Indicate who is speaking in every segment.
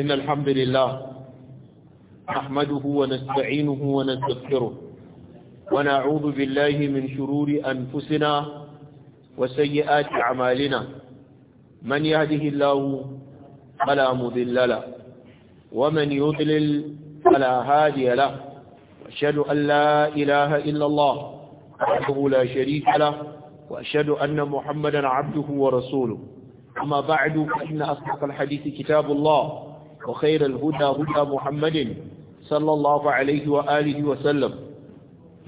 Speaker 1: إن الحمد لله نحمده ونستعينه ونستغفره ونعوذ بالله من شرور أنفسنا وسيئات أعمالنا من يهده الله فلا مذل له ومن يضلل فلا هادي له وأشهد أن لا إله إلا الله وحده لا شريك له وأشهد أن محمدا عبده ورسوله أما بعد فإن أصدق الحديث كتاب الله وخير الهدى هدى محمد صلى الله عليه وآله وسلم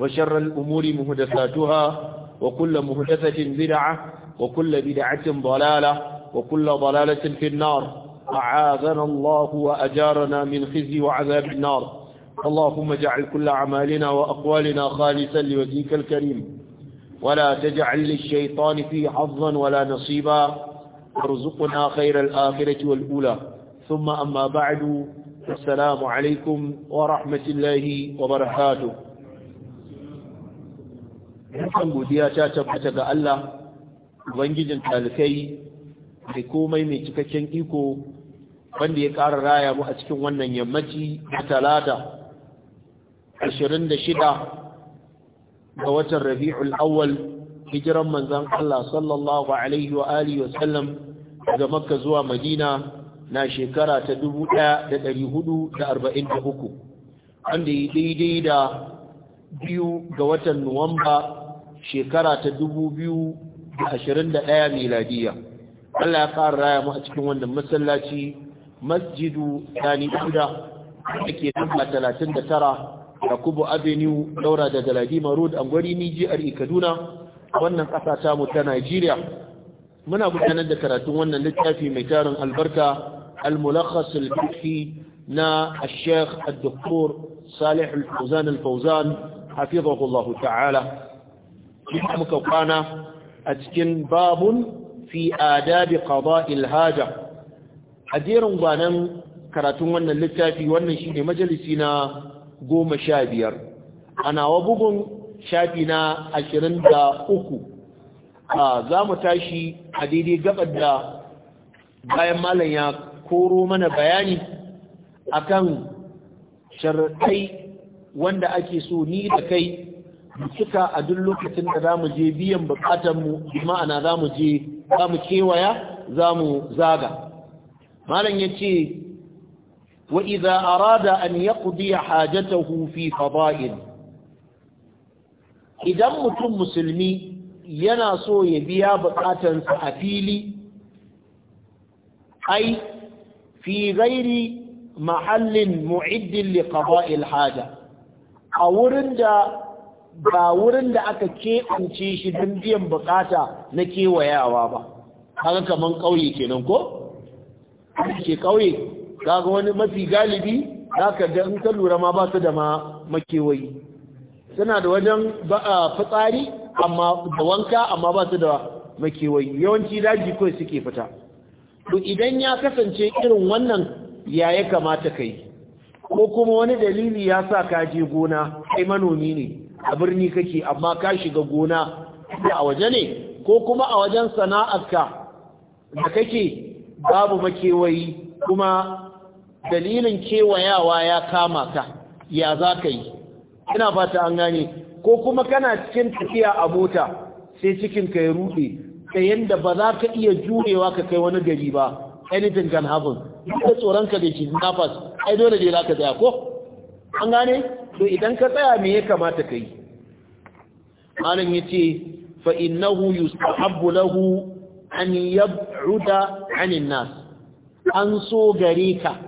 Speaker 1: وشر الأمور مهدثاتها وكل مهدثة بدعة وكل بدعة ضلالة وكل ضلالة في النار أعاذنا الله وأجارنا من خزي وعذاب النار اللهم اجعل كل أعمالنا وأقوالنا خالصا لوجهك الكريم ولا تجعل للشيطان فيه حظا ولا نصيبا وارزقنا خير الآخرة والأولى ثم أما بعد السلام عليكم ورحمة الله وبركاته Dukan godiya ta tabbata ga Allah, Ubangijin talikai da komai mai cikakken iko wanda ya ƙara raya mu a cikin wannan yammaci da talata shida ga watan Rabi'ul Awwal hijiran manzan Allah sallallahu Alaihi wa Alihi daga Makka zuwa Madina na shekara ta 1443 wanda yi daidai da biyu ga watan nuwamba shekara ta da 2021 miladiya Allah ya ƙara raya mu a cikin wannan masallaci masjidu sani kuda da ke tara 39 kubu avenue daura da galadima road angwari niji a kaduna wannan ƙasa ta mu ta najeriya muna gudanar da karatun wannan littafi mai taron albarka al-mulakhas al-fiqhi na al-sheikh al-doktor salih al-fawzan al-fawzan hafizahullahu ta'ala kuma muka kwana a cikin babun fi adabi ilhada a ajirin banan karatun wannan littafi wannan shine majalisi na biyar a nawa bugun shafina ashirin da uku. za mu tashi a daidai gabar da bayan malam ya koro mana bayani akan sharaɗai wanda ake so ni da kai cika a duk lokacin da za mu je biyan bukatanmu bi ma'ana mu je mu kewaya mu zaga malam ya ce, wa a arada an ya hajatahu fi ba'in. idan mutum musulmi yana so ya biya sa a fili ai fi gairi mahallin mu'iddin liqaba'il haja a wurin da ba wurin da aka keɓance shi don biyan bukata na kewayawa ba kaga kaman ƙauye kenan ko ke ƙauye kaga wani mafi galibi zaka da in ka lura ma ba su da ma makewayi suna da wajen fitsari amma da wanka amma ba su da makewayi yawanci daji kawai suke fita to idan ya kasance irin wannan ya ya kamata ka ko kuma wani dalili ya sa ka je gona kai manomi ne a birni kake amma ka shiga gona da a waje ne ko kuma a wajen sana'arka da kake babu makewayi kuma dalilin kewayawa ya kama ka ya za ka yi ina fata an gane ko kuma kana cikin tafiya a mota sai cikin ka ya rude ta yanda ba za ka iya jurewa ka kai wani gari ba anything can happen duk da tsoron ka da shi nafas ai dole ne za ka tsaya ko an gane to idan ka tsaya me ya kamata ka yi malam yace fa innahu yustahabbu lahu an yab'uda 'anil nas an so gare ka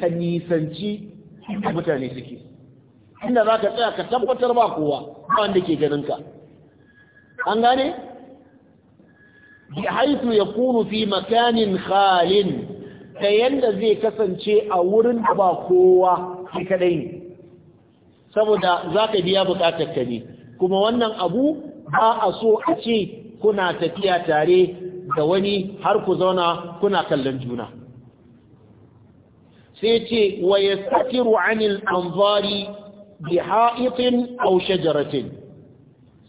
Speaker 1: ka nisanci mutane suke inda za ka tsaya ka tabbatar ba kowa ba wanda ke ganinka an gane bi haitu ya kunu fi makanin khalin ta yanda zai kasance a wurin da ba kowa shi kadai saboda za ka biya bukatar ka ne kuma wannan abu ba a so a ce kuna tafiya tare da wani har ku zauna kuna kallon juna sai ce wa yastakiru anil anzari bi ha'itin shajaratin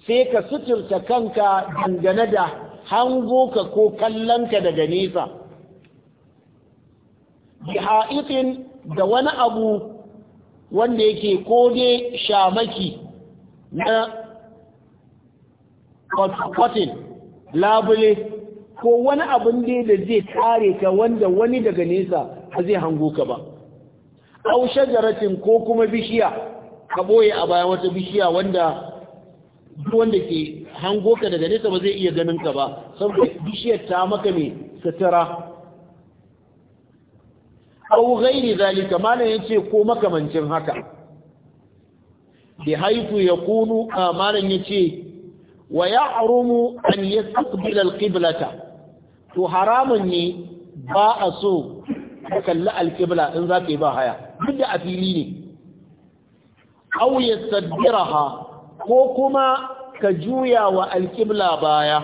Speaker 1: sai ka suturta kanka dangane da hango ka ko kallon ka daga nesa bi ha'itin da wani abu wanda yake kode shamaki na kwatin labule ko wani abin da da zai kare ka wanda wani daga nesa ba zai hango ka ba au shajaratin ko kuma bishiya ka boye a bayan wata bishiya wanda duk wanda ke hango ka daga nesa ba zai iya ganin ka ba saboda bishiyar ta maka mai satara au ghairi zalika ya yace ko makamancin haka bi haitu yakunu malam yace wa ya'rumu an yastaqbila al to haramun ne ba a so ka kalli alƙibla in in zaka yi ba haya duk da afili ne aw yasadbiraha ko kuma ka juya wa alkibla baya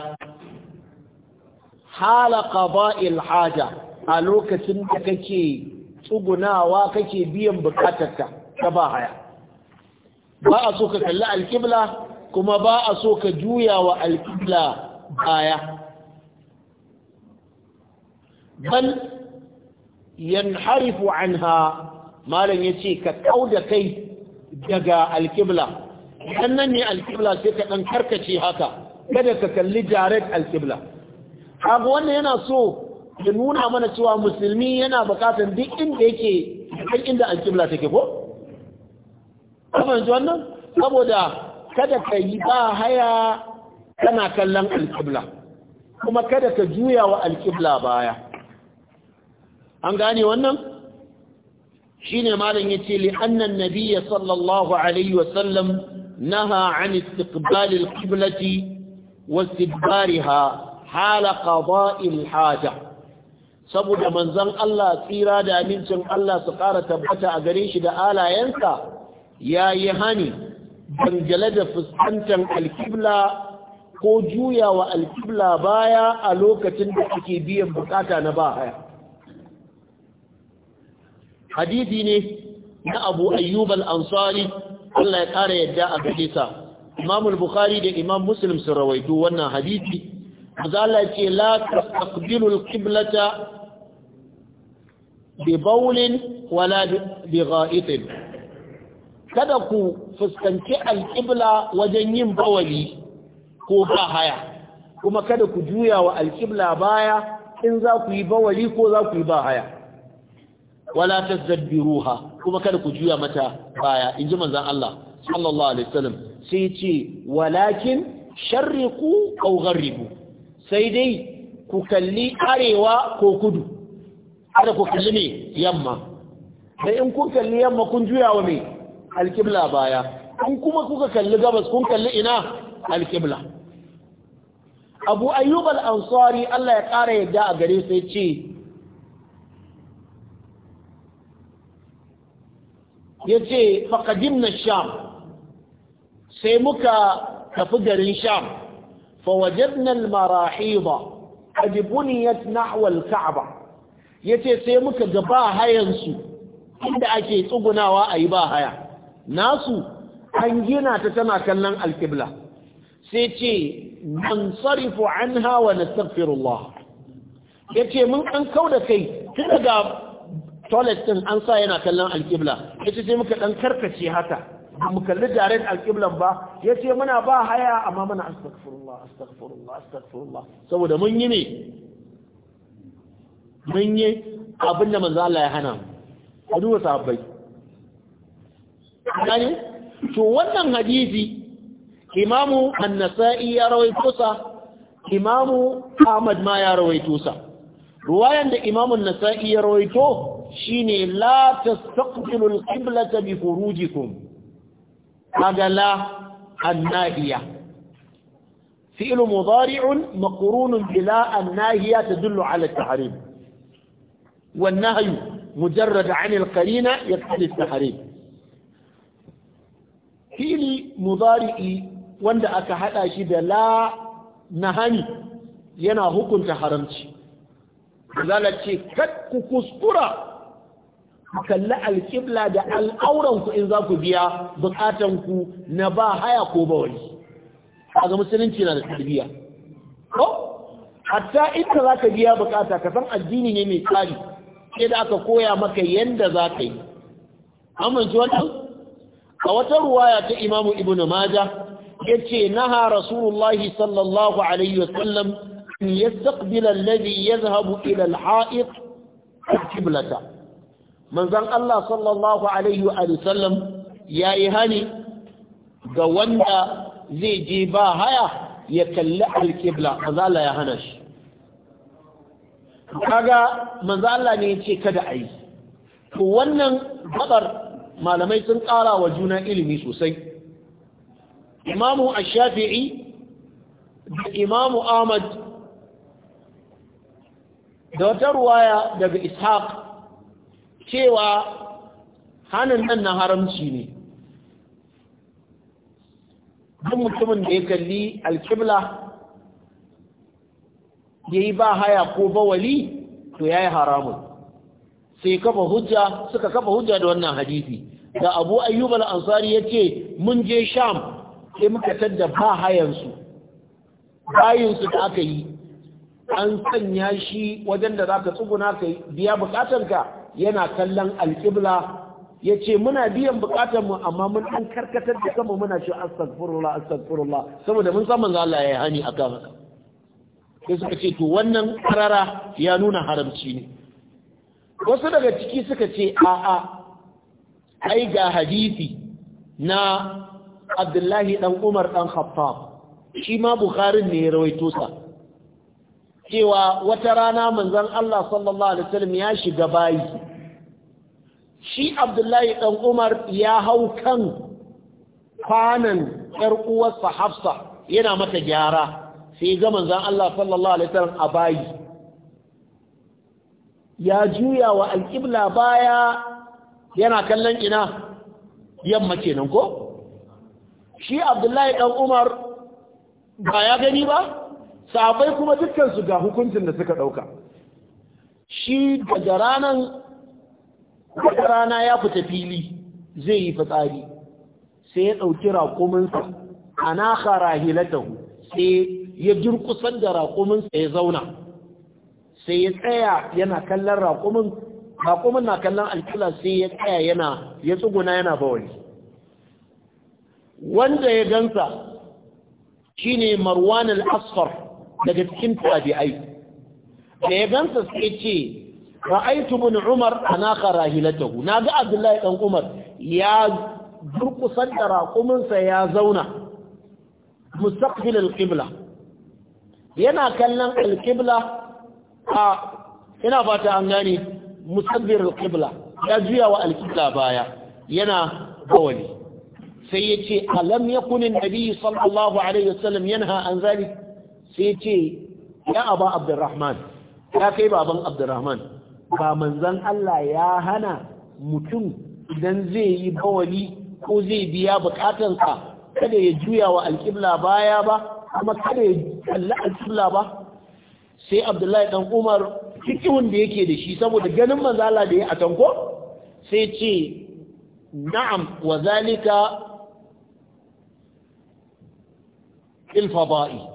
Speaker 1: hala qada'il haja a lokacin da kake tsugunawa kake biyan bukatarka ta ba ba a so ka kalli alkibla kuma ba a so ka juya wa alkibla baya bal yanharifu anha malam yace ka kauda kai daga alkibla idan nan ne alkibla sai ka ɗan karkace haka kada ka kalli direct alkibla abu wannan yana so ya nuna mana cewa musulmi yana bukatar duk inda yake duk inda alkibla take ko? kuma yanzu wannan saboda kada ka yi ba haya kana kallon alkibla kuma kada ka juya wa alkibla baya an gane wannan? shine malam yace li anna an-nabiy sallallahu alaihi wasallam naha an istiqbal al-qiblati wa hala qada'i al saboda manzon Allah tsira da amincin Allah su ƙara tabbata a gare shi da alayensa yayi hani dangane da fuskantar al ko juyawa al baya a lokacin da ake biyan bukata na bahaya hadisi ne na abu ayyub al-ansari Allah ya kara yadda a gare sa imam al-bukhari da imam muslim sun rawaito wannan hadisi azala ce la taqbilu al-qiblata bi bawlin wala bi gha'itin kada ku fuskanci al-qibla wajen yin bawali ko ba haya kuma kada ku juya wa al-qibla baya in za ku yi bawali ko za ku yi ba haya wala ruha kuma kada ku juya mata baya inji manzon Allah sallallahu alaihi wasallam sai ce walakin sharriku aw gharribu sai dai ku kalli arewa ko kudu kada ku kalli ne yamma sai in kun kalli yamma kun juya wa me alqibla baya in kuma kuka kalli gabas kun kalli ina alqibla Abu Ayyub al-Ansari Allah ya ƙara yadda a gare sai ce ya ce faƙadim na sham sai muka tafi garin sham fawajadnal marahiba qad buniyat nahwa al-ka'ba yace sai muka ga ba hayansu inda ake tsugunawa ayi ba haya nasu an gina ta tana kallon alkibla sai ce man sarifu na wa Ya yace mun an da kai tun daga toilet din an sa yana kallon alƙibla yace sai muka dan karkace haka mu kalli direct alƙiblan ba yace muna ba haya amma muna astaghfirullah astaghfirullah astaghfirullah saboda mun yi ne mun yi abin da manzo Allah ya hana mu a duba sahabbai gane to wannan hadisi imamu an-nasa'i ya rawaito sa imamu ahmad ma ya rawaito sa ruwayan da an nasa'i ya rawaito shine la tastaqbilu al-qiblata bi furujikum kaga la annahiya fi'l mudari' maqrun bi la annahiya tadullu ala at-tahrim والنهي مجرد عن القرينة يقتضي التحريم فعل مضارع wanda aka hada shi da la nahani yana hukunta haramci zalace kad ku kuskura ku kalli alƙibla da al'auran ku in za ku biya bukatan ku na ba haya ko ba wani musulunci na da tarbiyya ko hatta inda za ka biya bukata ka san addini ne mai tsari sai da aka koya maka yanda za ka yi amince wannan a wata ruwaya ta imamu ibnu ya yace naha rasulullahi sallallahu alaihi wasallam an yastaqbila alladhi yadhhabu ila alha'iq qiblata manzon Allah sallallahu alaihi wa ya yayi hani ga wanda zai je ba haya ya kalli alkibla. azala ya hana shi kaga manzo Allah ne yace kada a yi wannan gabar malamai sun ƙara wa juna ilimi sosai imamu ash-shafi'i da imamu ahmad da wata ruwaya daga ishaq cewa hannun nan na haramci ne duk mutumin da ya kalli alkibla ya yi ba haya ko bawali to ya yi haramun sai kafa hujja suka kafa hujja da wannan hadisi da abu ayyubal ansari ya ce mun je sham sai muka tadda ba hayansu bayinsu da aka yi an sanya shi wajen da za ka tsuguna ka biya ka. yana kallon alƙibla ya ce muna biyan mu amma mun ɗan karkatar da kama muna ce astagfirullah astagfirullah saboda mun san manzo ya hani a haka sai suka ce to wannan karara ya nuna haramci ne wasu daga ciki suka ce a'a ai ga hadisi na Abdullahi dan Umar dan Khattab shi ma buharin ne ya rawaito sa cewa wata rana manzon Allah sallallahu alaihi wasallam ya shiga bayi shi Abdullahi dan Umar ya hau kan kwanan ƴar uwarsa Hafsa yana mata gyara sai ga manzon Allah sallallahu alaihi wasallam a bayi ya juya wa alƙibla baya yana kallon ina yamma kenan ko shi Abdullahi dan Umar ba ya gani ba sahabbai kuma dukkansu ga hukuncin da suka ɗauka shi daga ranar daga rana ya fita fili zai yi fitsari sai ya ɗauki raƙuminsa a naka rahilatahu sai ya durkusan da raƙuminsa ya zauna sai ya tsaya yana kallon raƙumin raƙumin na kallon alƙila sai ya tsaya yana ya tsuguna yana bawali wanda ya gansa shine marwan al-asfar daga cikin tabi'ai da ya gansa sai ce ra'aitu bin umar ana karahilatahu na ga abdullahi dan umar ya durkusar da raƙuminsa ya zauna mustaqbil al yana kallon al a ina fata an gane mustaqbil al ya juya wa al baya yana bawali sai yace alam yakun an-nabi sallallahu alaihi wasallam yanha an zalik sai ce ya aba abdurrahman ya kai baban abdurrahman ba manzan Allah ya hana mutum idan zai yi bawali ko zai biya bukatansa kada ya juya wa alƙibla baya ba kuma kada ya kalli alƙibla ba sai abdullahi ɗan umar cikin da yake da shi saboda ganin manzala da ya atanko tanko sai ce na'am wa zalika il fada'i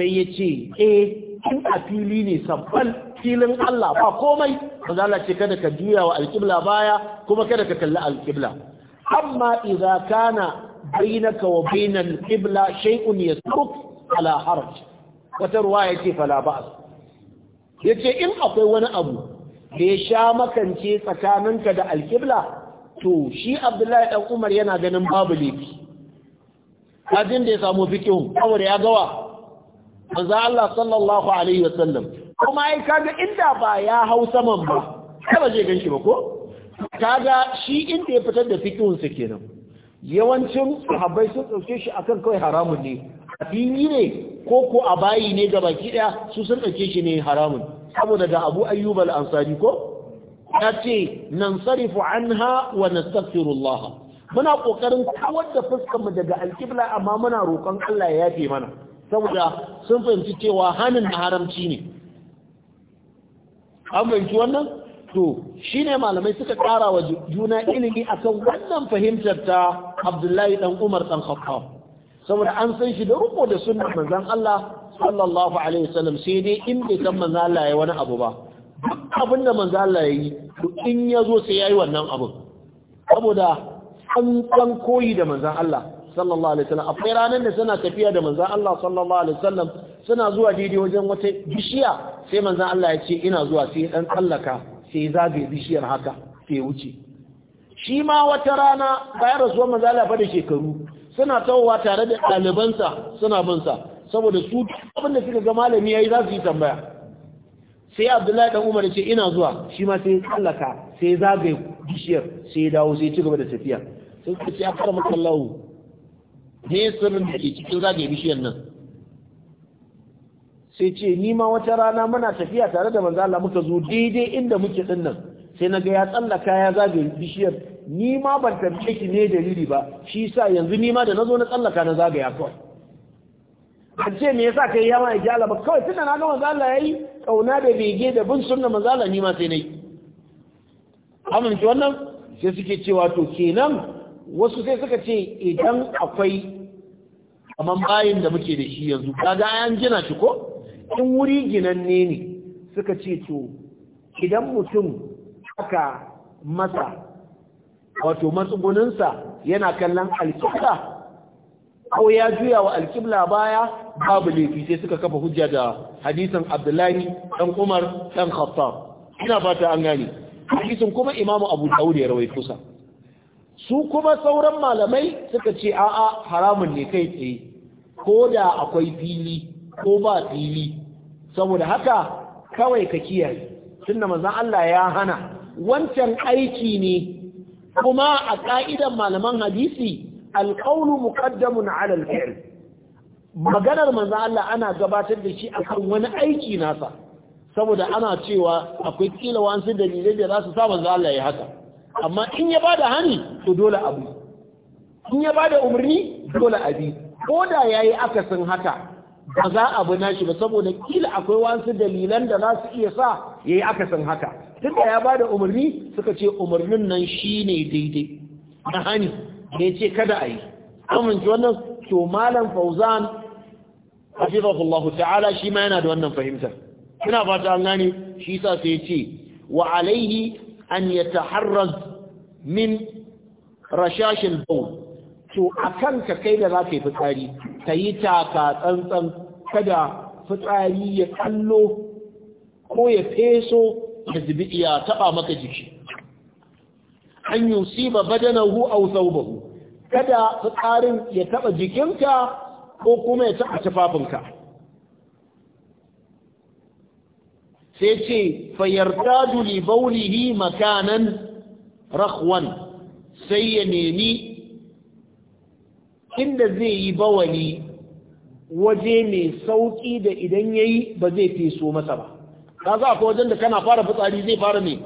Speaker 1: sai ya ce eh in a fili ne sabbal filin Allah ba komai ba za ce kada ka juya wa alƙibla baya kuma kada ka kalli alƙibla amma idza kana bainaka wa bainal qibla shay'un yasruk ala harj wata ruwaya ce fala ba'as yace in akwai wani abu da ya sha makance tsakaninka da alƙibla to shi Abdullahi dan Umar yana ganin babu laifi kajin da ya samu fiqh saboda ya gawa manzo Allah sallallahu alaihi wasallam kuma ai kaga inda ba ya hau saman ba kai ba zai ganshi ba ko kaga shi inda ya fitar da fikihun sa kenan yawancin sahabbai sun dauke shi akan kai haramun ne a ne ko ko a bayi ne ga baki daya su sun dauke shi ne haramun saboda da Abu Ayyub al-Ansari ko yace nan sarifu anha wa nastaghfirullah muna kokarin kawar da fuskar mu daga alqibla amma muna roƙon Allah ya yafe mana saboda sun fahimci cewa hannun na haramci ne an fahimci wannan to shi ne malamai suka ƙara wa juna ilimi a kan wannan fahimtar ta abdullahi dan umar dan khattab saboda an san shi da rubo da suna manzan Allah sallallahu alaihi wasallam sai dai in bai san manzan Allah ya wani abu ba duk abin da manzan Allah ya yi to in ya zo sai ya yi wannan abin saboda an san koyi da Manzan Allah sallallahu alaihi wasallam akwai ranar da suna tafiya da manzon Allah sallallahu alaihi wasallam suna zuwa daidai wajen wata bishiya sai manzon Allah ya ce ina zuwa sai dan tsallaka sai zagaye bishiyar haka sai wuce shi ma wata rana bayan rasuwar manzon Allah fa da shekaru suna tawowa tare da ɗalibansa suna bin sa saboda su abin da suka ga malami yayi za su yi tambaya sai Abdullahi dan Umar ya ce ina zuwa shi ma sai tsallaka sai zagaye bishiyar sai ya dawo sai ya ci gaba da tafiya sai ce a fara makallahu me sirrin da ke cikin zagaye bishiyar nan sai ce ni ma wata rana muna tafiya tare da manzo Allah muka zo daidai inda muke din nan sai na ga ya tsallaka ya zagaye bishiyar ni ma ban tambaye shi ne dalili ba shi sa yanzu ni ma da nazo na tsallaka na zagaya ko An ce me yasa kai yawa ya ba kawai tunda na ga manzo Allah yayi kauna da bege da bin sunna manzo Allah ni ma sai nayi amince wannan sai suke cewa to kenan wasu sai suka ce idan akwai kamar bayin da muke da shi yanzu kaga an gina shi ko in wuri ginanne ne suka ce to idan mutum aka masa wato matsuguninsa yana kallon alkibla ko ya juya wa alkibla baya babu laifi sai suka kafa hujja da hadisin abdullahi dan umar dan khattab ina fata an gane hadisin kuma imamu abu dawud ya rawaito sa su kuma sauran malamai suka ce a'a haramun ne kai tsaye ko da akwai fili ko ba fili saboda haka kawai ka kiyaye tunda manzon Allah ya hana wancan aiki ne kuma a ka'idan malaman hadisi alqawlu muqaddamun ala alfi'l maganar manzon Allah ana gabatar da shi akan wani aiki nasa saboda ana cewa akwai kila wasu dalilai da za su sa manzon Allah ya haka amma in ya bada hani to dole abu in ya bada umarni dole abi ko da yayi akasin haka ba za a bi nashi ba saboda kila akwai wasu dalilan da za su iya sa ya yi akasin haka tun da ya bada umarni suka ce umarnin nan shine daidai na hani da ya ce kada a yi amince wannan to malam fauzan hafizahullahu ta'ala shi ma yana da wannan fahimtar ina fata an gane shi sa sai ce wa alaihi an yataharraz min rashashin bau to a kanka kai da za ka yi fitsari ka yi taka tsantsan kada fitsari ya kallo ko ya feso ya zubi iya taɓa maka jiki an si ba badanahu au hu kada fitsarin ya taɓa jikinka ko kuma ya taba tufafinka sai ce fayar tajuli baulihi makanan rakhwan sai ya nemi inda zai yi bawali waje mai sauƙi da idan ya yi ba zai feso masa ba ka za ka wajen da kana fara fitsari zai fara ne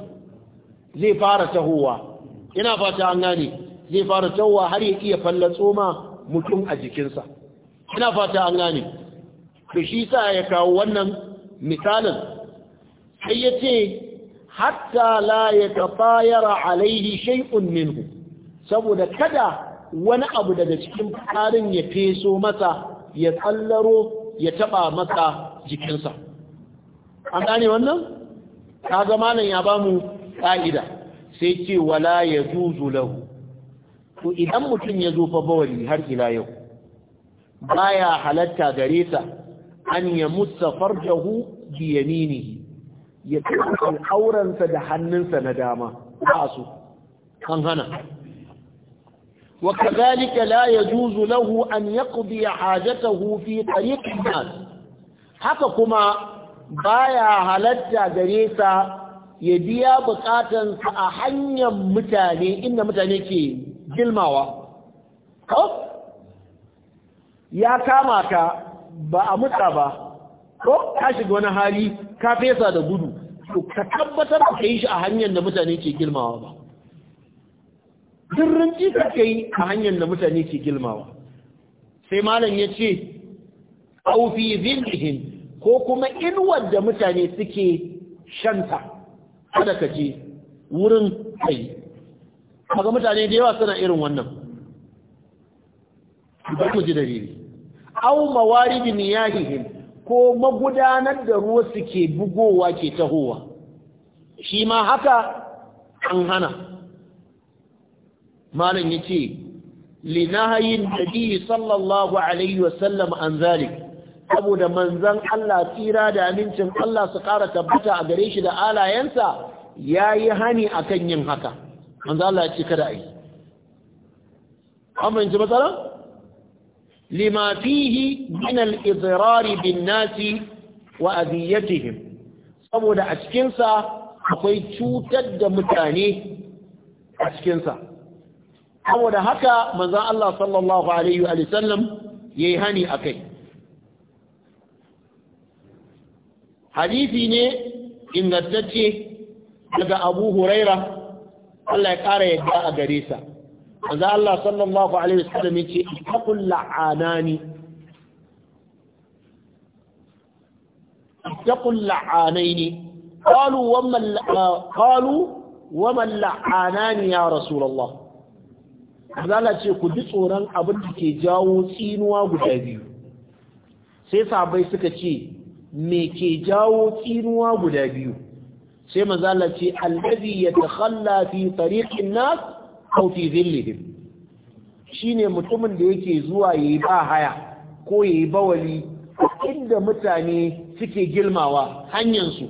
Speaker 1: zai fara tahowa ina fata an gane zai fara tahowa har ya iya fallatso ma mutum a jikinsa ina fata an gane da shi sa ya kawo wannan misalin sai ya ce hatta la yatabayara alaihi shay'un minhu saboda kada wani abu daga cikin farin ya feso masa ya tsallaro ya taba masa jikinsa an gane wannan Ka zama nan ya bamu ƙa'ida sai ce wala ya lahu to idan mutum ya zofa bawali har ila yau baya halatta gare sa an ya musa farjahu bi yaminihi ya tuka aurensa da hannunsa na dama ba su kan hana wa kadhalika la yajuzu lahu an ya hajatahu fi tariqin haka kuma baya halatta gare sa ya biya bukatansa a hanyar mutane inda mutane ke gilmawa ya kama ka ba a mutsa ba ko ka shiga wani hali ka fesa da gudu to ka tabbatar da kai shi a hanyar da mutane ke girmawa ba duk rinci ka kai a hanyar da mutane ke girmawa sai malam ya ce aufi zilhim ko kuma inuwar da mutane suke shanta kada ka je wurin kai kaga mutane da yawa suna irin wannan ba ku ji dalili aw mawarid miyahihim ko magudanar da ruwa suke bugowa ke tahowa shi ma haka an hana malam ya ce linahayin nabi sallallahu alaihi wasallam an zalik saboda manzan Allah tsira da amincin Allah su ƙara tabbata a gare shi da alayensa ya yi hani a kan yin haka manzan Allah ya ce kada a yi an fahimci matsalar? Limafihi fihi min al-idrari bin nasi saboda a cikin sa akwai cutar da mutane a cikin sa saboda haka manzon Allah sallallahu alaihi wa sallam yayi hani akai hadisi ne ingantacce daga Abu Huraira Allah ya ƙara yadda a gare sa manzo Allah sallallahu alaihi wasallam yace ittaqul la'anani ittaqul la'anaini qalu wa man ah, qalu wa man la'anani ya Allah manzo Allah ce ku ji tsoron abin da ke jawo tsinuwa guda biyu sai sahabbai suka ce me ke jawo tsinuwa guda biyu sai manzo Allah ce alladhi yatakhalla fi tariqin nas aw fi dhillihim shine mutumin da yake zuwa yayi ba haya ko yayi bawali inda mutane suke gilmawa hanyar su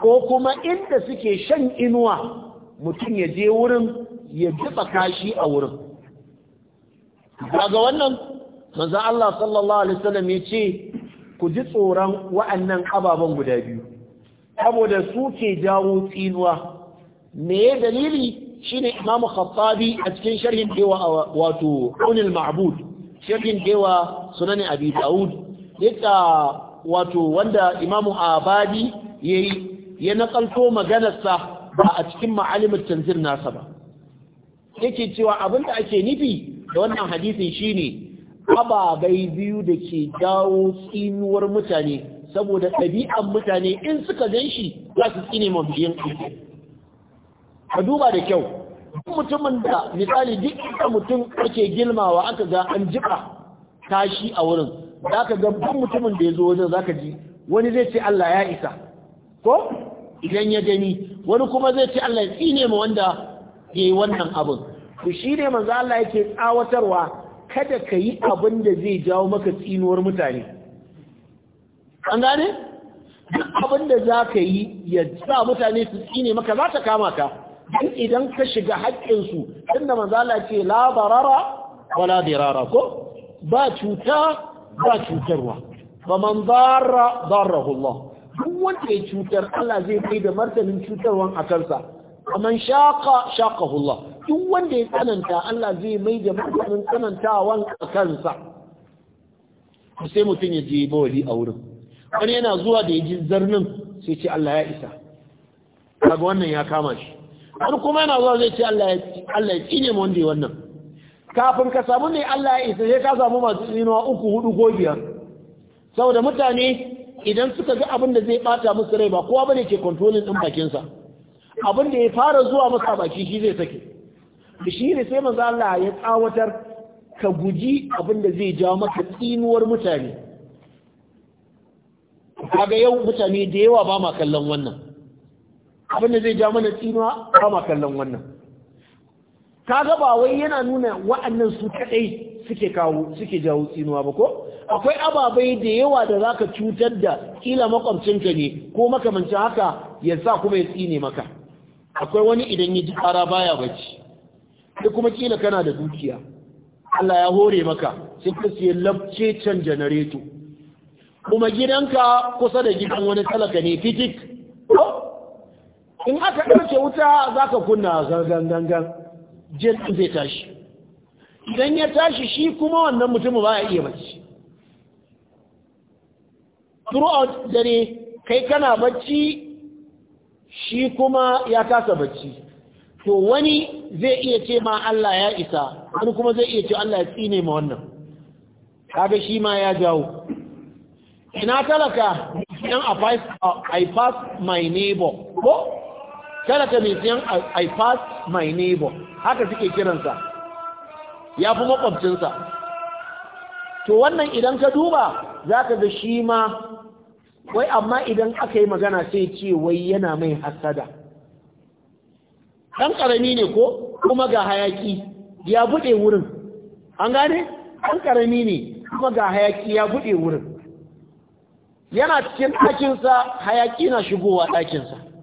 Speaker 1: ko kuma inda suke shan inuwa mutum ya je wurin ya jiba kashi a wurin daga wannan manzo Allah sallallahu Alaihi wasallam ya ce ku ji tsoron wa'annan ababen guda biyu saboda su ke jawo tsinuwa me dalili shine Imam Khattabi a cikin sharhin dewa wato Qulul Ma'bud sharhin dewa Sunan Abi Dawud yadda wato wanda Imam Abadi yayi ya nakalto maganarsa ba a cikin ma'alimin tanzir nasa ba yake cewa abinda ake nufi da wannan hadisin shine ababai biyu da ke jawo tsinuwar mutane saboda ɗabi'an mutane in suka gan shi za su tsine mabiyin aiki ka duba da kyau mutumin da misali duk da mutum ake gilmawa aka ga an jiba tashi a wurin za ka ga duk mutumin da ya zo wajen za ka ji wani zai ce Allah ya isa ko idan ya gani wani kuma zai ce Allah ya tsine ma wanda ya yi wannan abin ku shi ne manzo Allah yake tsawatarwa kada ka yi abin da zai jawo maka tsinuwar mutane an gane duk abin da za ka yi ya sa mutane su tsine maka za ta kama ka dan idan ka shiga haƙƙinsu inda manzala ce la barara wala dirara ko ba cuta ba cutarwa ba man barra barrahu duk wanda ya cutar Allah zai kai da martanin cutarwan a kansa man shaƙa shaqahu duk wanda ya tsananta Allah zai mai da martanin tsanantawan a kansa sai mutum ya je bawali a wurin wani yana zuwa da ya ji zarnin sai ce Allah ya isa kaga wannan ya kama shi wani kuma yana zuwa zai ce Allah ya tsine mu wanda wannan kafin ka samu ne Allah ya isa sai ka samu masu tsinuwa uku hudu ko biyar saboda mutane idan suka ga abin da zai bata musu rai ba kowa bane ke kontrolin din bakinsa abin da ya fara zuwa masa baki shi zai sake shi ne sai manzo Allah ya tsawatar ka guji abin da zai jawo maka tsinuwar mutane kaga yau mutane da yawa ba ma kallon wannan abin da zai ja mana tsinuwa ba kallon wannan ga ba wai yana nuna wa'annan su kadai suke kawo suke jawo tsinuwa ba ko akwai ababai da yawa da za ka cutar da kila makwabcinka ne ko makamancin haka ya sa kuma ya tsine maka akwai wani idan ya ji kara baya bacci sai kuma kila kana da dukiya Allah ya hore maka sai ka siya labce can janareto kuma gidanka kusa da gidan wani talaka ne fitik in aka ɗauke wuta za ka kunna gangan gangan jirgin zai tashi idan ya tashi shi kuma wannan mutumin ba ya iya bacci throughout dare kai kana bacci shi kuma ya kasa bacci to wani zai iya ce ma Allah ya isa wani kuma zai iya ce Allah ya tsine ma wannan kaga shi ma ya jawo ina talaka idan I pass my neighbor ko ka mai siyan i pass my neighbor haka suke kiransa ya fi makwabcinsa to wannan idan ka duba za ka ga shi ma wai amma idan aka yi magana sai ce wai yana mai hasada ɗan ƙarami ne ko kuma ga hayaki ya buɗe wurin an gane ɗan ƙarami ne kuma ga hayaki ya buɗe wurin yana cikin ɗakinsa hayaki na shigowa ɗakinsa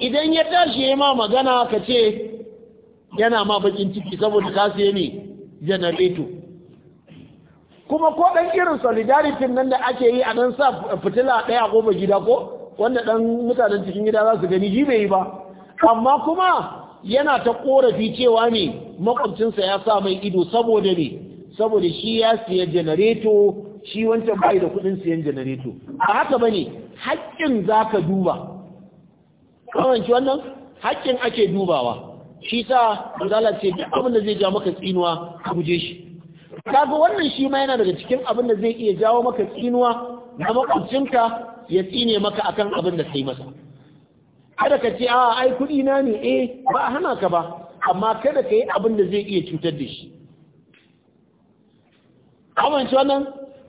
Speaker 1: idan ya tashi ya ma magana ka ce yana ma bakin ciki saboda ka siye ne janareto kuma ko ɗan irin solidarity nan da ake yi a nan sa fitila ɗaya ba gida ko wanda dan mutanen cikin gida za su gani ji bai yi ba amma kuma yana ta korafi cewa ne makwabcinsa ya sa mai ido saboda ne saboda shi ya siya janareto shi wancan bai da kudin siyan janareto a haka bane haƙƙin zaka duba kawanci wannan haƙƙin ake dubawa shi sa manzala ce duk abin da zai ja maka tsinuwa ka guje shi kaga wannan shi ma yana daga cikin abin da zai iya jawo maka tsinuwa na makwabcinka ya tsine maka akan abin da kai masa kada ka ce a ai kuɗi na ne eh ba a hana ka ba amma kada ka yi abin da zai iya cutar da shi kawanci wannan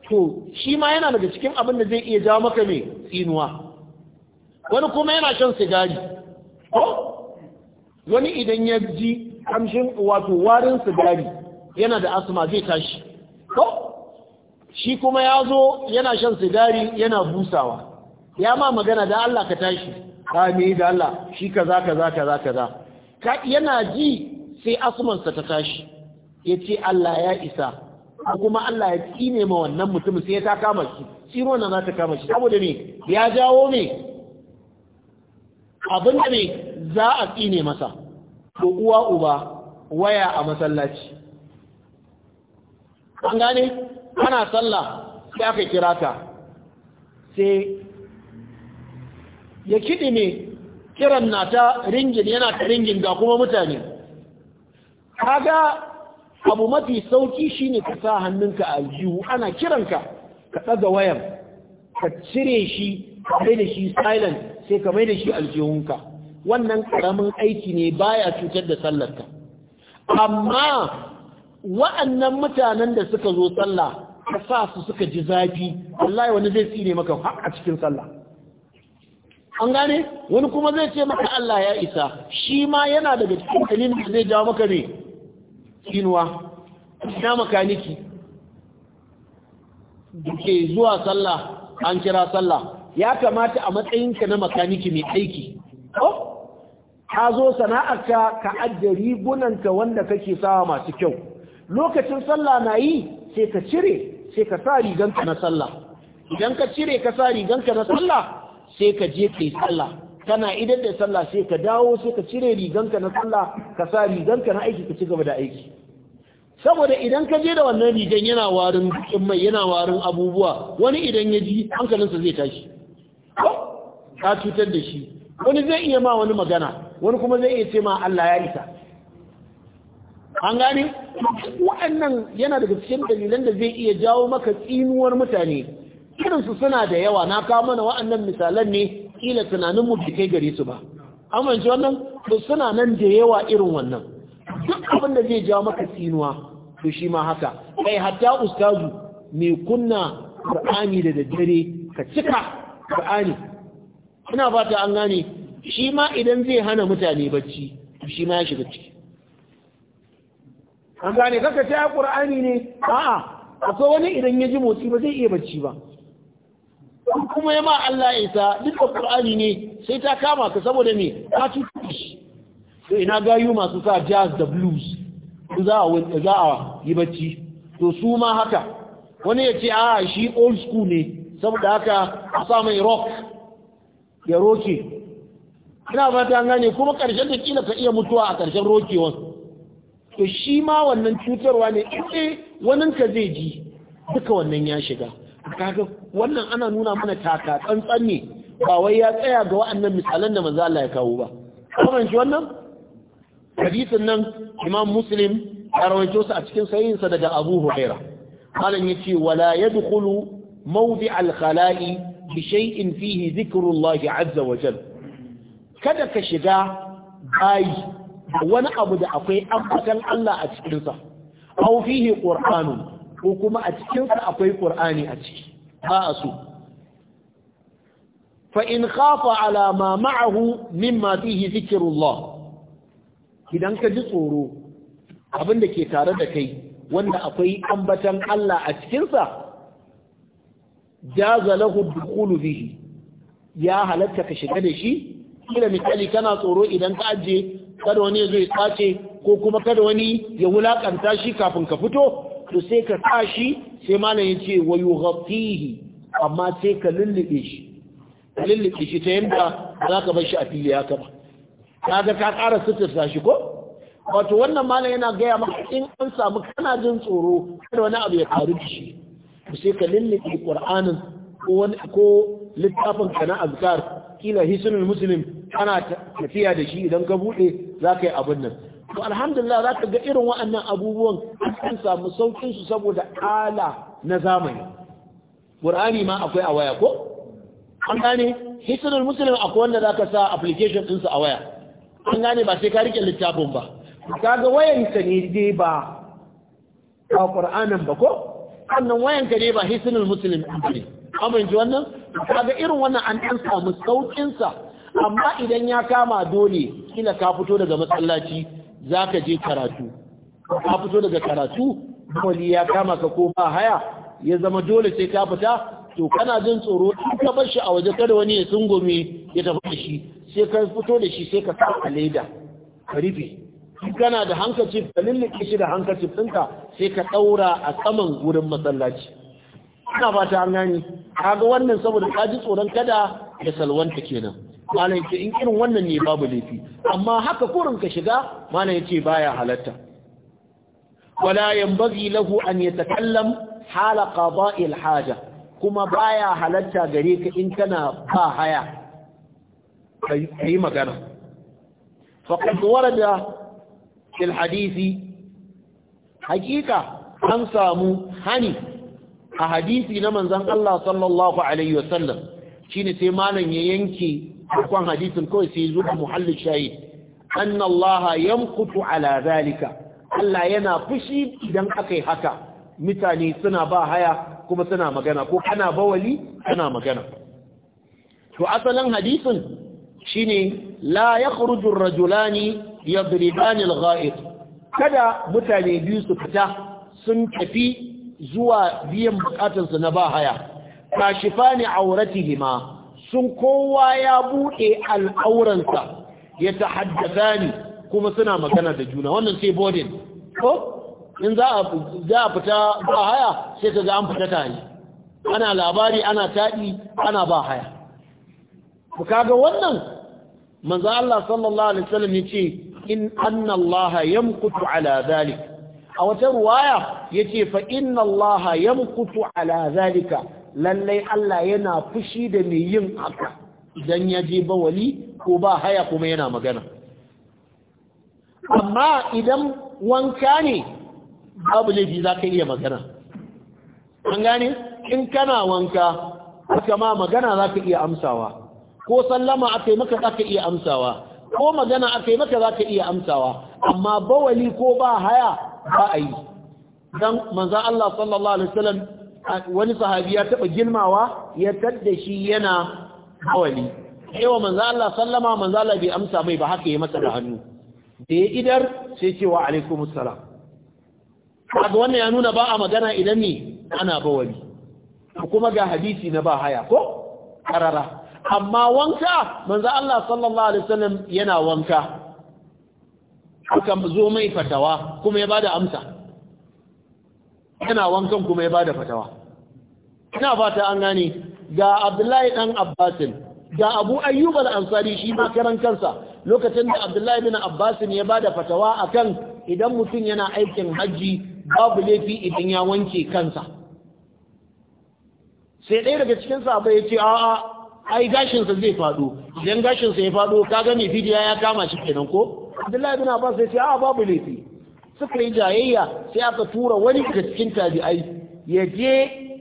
Speaker 1: to shi ma yana daga cikin abin da zai iya jawo maka mai tsinuwa wani kuma yana shan sigari wani idan ya ji kamshin wato warin sigari yana da asma zai tashi ko shi kuma ya zo yana shan sigari yana busawa ya ma magana da Allah ka tashi ka ne da Allah shi kaza kaza kaza kaza ka yana ji sai asmansa ta tashi Ya ce Allah ya isa kuma Allah ya tsine ma wannan mutum sai ya ta kama shi tsiro na za ta kama shi saboda me ya jawo me abin da mai za a tsine masa ko uwa uba waya a masallaci an gane ana sallah sai aka kira ta sai ya kiɗi ne kiran na ta ringin yana ta ringin ga kuma mutane ga abu mafi sauki shine ka sa hannunka a aljihu ana kiranka ka ɗaga wayan ka cire shi ka da shi silent sai ka mai da shi aljihunka wannan karamin aiki ne baya cutar da sallar sallarka amma wa'annan mutanen da suka zo sallah ka sa su suka ji zafi wallahi wani zai tsine maka har a cikin sallah an gane wani kuma zai ce maka Allah ya isa shi ma yana daga cikin kalin da zai jawo maka ne kinuwa na makaniki da ke zuwa sallah an kira sallah ya kamata a matsayinka na makaniki mai aiki ka zo sana'arka ka ajiye rigunanka wanda kake sawa masu kyau lokacin sallah na yi sai ka cire sai ka sa riganka na sallah idan ka cire ka sa riganka na sallah sai ka je ka yi sallah kana idan da sallah sai ka dawo sai ka cire riganka na sallah ka sa riganka na aiki ka ci gaba da aiki saboda idan ka je da wannan rigan yana warin mai yana warin abubuwa wani idan ya ji hankalinsa zai tashi ka cutar da shi wani zai iya ma wani magana wani kuma zai iya ce ma Allah ya isa an gani, waɗannan yana daga cikin dalilan da zai iya jawo maka tsinuwar mutane irinsu suna da yawa na kawo mana waɗannan misalan ne kila tunanin mu bai kai gare su ba amince wannan to suna nan da yawa irin wannan duk abin da zai jawo maka tsinuwa to shi ma haka kai hatta ustazu mai kunna qur'ani da daddare ka cika Qur'ani ina fata an gane shi ma idan zai hana mutane bacci shi ma ya shiga ciki an gane kaka ta ah, ƙur'ani ne a'a so wani idan ya ji motsi ba zai iya bacci ba kuma ya ma Allah ya isa duk ƙur'ani ne sai ta kama ka saboda me ka shi to ina gayu masu sa jazz da blues za a za a yi bacci to su ma haka wani ya ce a ah, shi old school ne saboda haka a sa mai rock ya roke ina ba gane kuma karshen da kila ka iya mutuwa a karshen rokewar to shi ma wannan cutarwa ne ɗin wannan ka zai ji duka wannan ya shiga kaga wannan ana nuna mana taka tsantsan ne ba wai ya tsaya ga wa'annan misalan da manzo Allah ya kawo ba kuma shi wannan hadisin nan Imam Muslim ya rawaito su a cikin sahihinsa daga Abu Huraira malam yace wala yadkhulu موضع الخلاء بشيء فيه ذكر الله عز وجل kada ka shiga bayi wani abu da akwai ambatan Allah a cikinsa aw fihi qur'anun ko kuma a cikinsa akwai qur'ani a ciki ba a so fa in khafa ma ma'ahu mimma fihi zikirullah idan ka ji tsoro abin da ke tare da kai wanda akwai ambatan Allah a cikinsa jaza lahu dukhulu bihi ya halatta ka shiga da shi kila misali kana tsoro idan ka aje kada wani zai sace, ko kuma kada wani ya wulakanta shi kafin ka fito to sai ka sa shi sai malam ya ce wa yughatihi amma sai ka lullube shi ka lullube shi ta yanda za ka bar shi a fili haka ba kaga ka ƙara sutura shi ko wato wannan malam yana gaya maka in an samu kana jin tsoro kada wani abu ya faru da shi sai ka lullube qur'anin ko ko littafin ka na azkar kila hisnul musulun ana tafiya da shi idan ka bude ka yi abin nan to alhamdulillah zaka ga irin wa'annan abubuwan an samu saukin su saboda ala na zamani qur'ani ma akwai a waya ko an gane hisnul muslim akwai wanda zaka sa application ɗinsu a waya an gane ba sai ka rike littafin ba ga wayanka ne dai ba a ƙur'anin ba ko sannan wayan gare ne ba hisnul muslim ne amma ji wannan kaga irin wannan an dan samu saukin amma idan ya kama dole kila ka fito daga masallaci zaka je karatu ka fito daga karatu dole ya kama ka ko ba haya ya zama dole sai ka fita to kana jin tsoro in ka bar shi a waje kada wani ya tsungume ya tafi da shi sai ka fito da shi sai ka sa a leda ka rufe in kana da hankacif ka lullike shi da hankacif ɗinka sai ka ɗaura a saman wurin masallaci ina ba ta an gani kaga wannan saboda ka ji tsoron kada da salwanta kenan malam in irin wannan ne babu laifi amma haka kurin ka shiga malam yace baya halatta wala yanbaghi lahu an yatakallam hala qada'i al-haja kuma baya halatta gare ka in kana ba haya kai magana faqad da. fil hadisi hakika an samu hani a hadisi na manzon Allah sallallahu alaihi wasallam shine sai malam ya yanke akan hadisin kawai sai zuwa muhallin shahid anna Allah yamqutu ala zalika Allah yana fushi idan akai haka mutane suna ba haya kuma suna magana ko kana bawali kana magana to asalin hadisin shine la yakhruju ar-rajulani yadribani al-gha'ib kada mutane biyu su fita sun tafi zuwa biyan bukatunsu na bahaya kashifani auratihima sun kowa ya bude al'auransa ya tahaddathani kuma suna magana da juna wannan sai bodin ko in za a za a fita bahaya sai kaga an fita tare ana labari ana tadi ana bahaya kaga wannan manzo Allah sallallahu alaihi wasallam yace in anna Allah yamqutu ala zalik a wata ruwaya yace fa inna Allah yamqutu ala zalika lallai Allah yana fushi da mai yin haka idan ya je bawali ko ba haya kuma yana magana amma idan wanka ne babu laifi za ka iya magana an gane in kana wanka aka ma magana za ka iya amsawa ko sallama aka yi maka za ka iya amsawa ko magana aka yi maka za ka iya amsawa amma bawali ko ba haya ba a yi don manzan Allah sallallahu Alaihi wasallam wani sahabi ya taɓa girmawa ya tadda shi yana bawali yawa manzan Allah sallama manzan Allah bai amsa mai ba haka ya masa da hannu da ya idar sai cewa alaikumussalam kaga wannan ya nuna ba a magana idan ne ana bawali kuma ga hadisi na ba haya ko ƙarara? amma wanka manzo Allah sallallahu alaihi wasallam yana wanka aka zo mai fatawa kuma ya bada amsa yana wankan kuma ya bada fatawa ina fata an gane ga Abdullahi dan Abbasin ga Abu Ayyub al-Ansari shi ma karan kansa lokacin da Abdullahi bin Abbasin ya bada fatawa akan idan mutum yana aikin haji babu laifi idan ya wanke kansa sai ɗaya daga cikin sahabbai ya ce a'a ai gashinsa zai faɗo idan gashinsa ya faɗo kaga mai fidiya ya kama shi kenan ko abdullahi bin abbas sai ce a babu laifi suka yi jayayya sai aka tura wani daga cikin tabi'ai ya je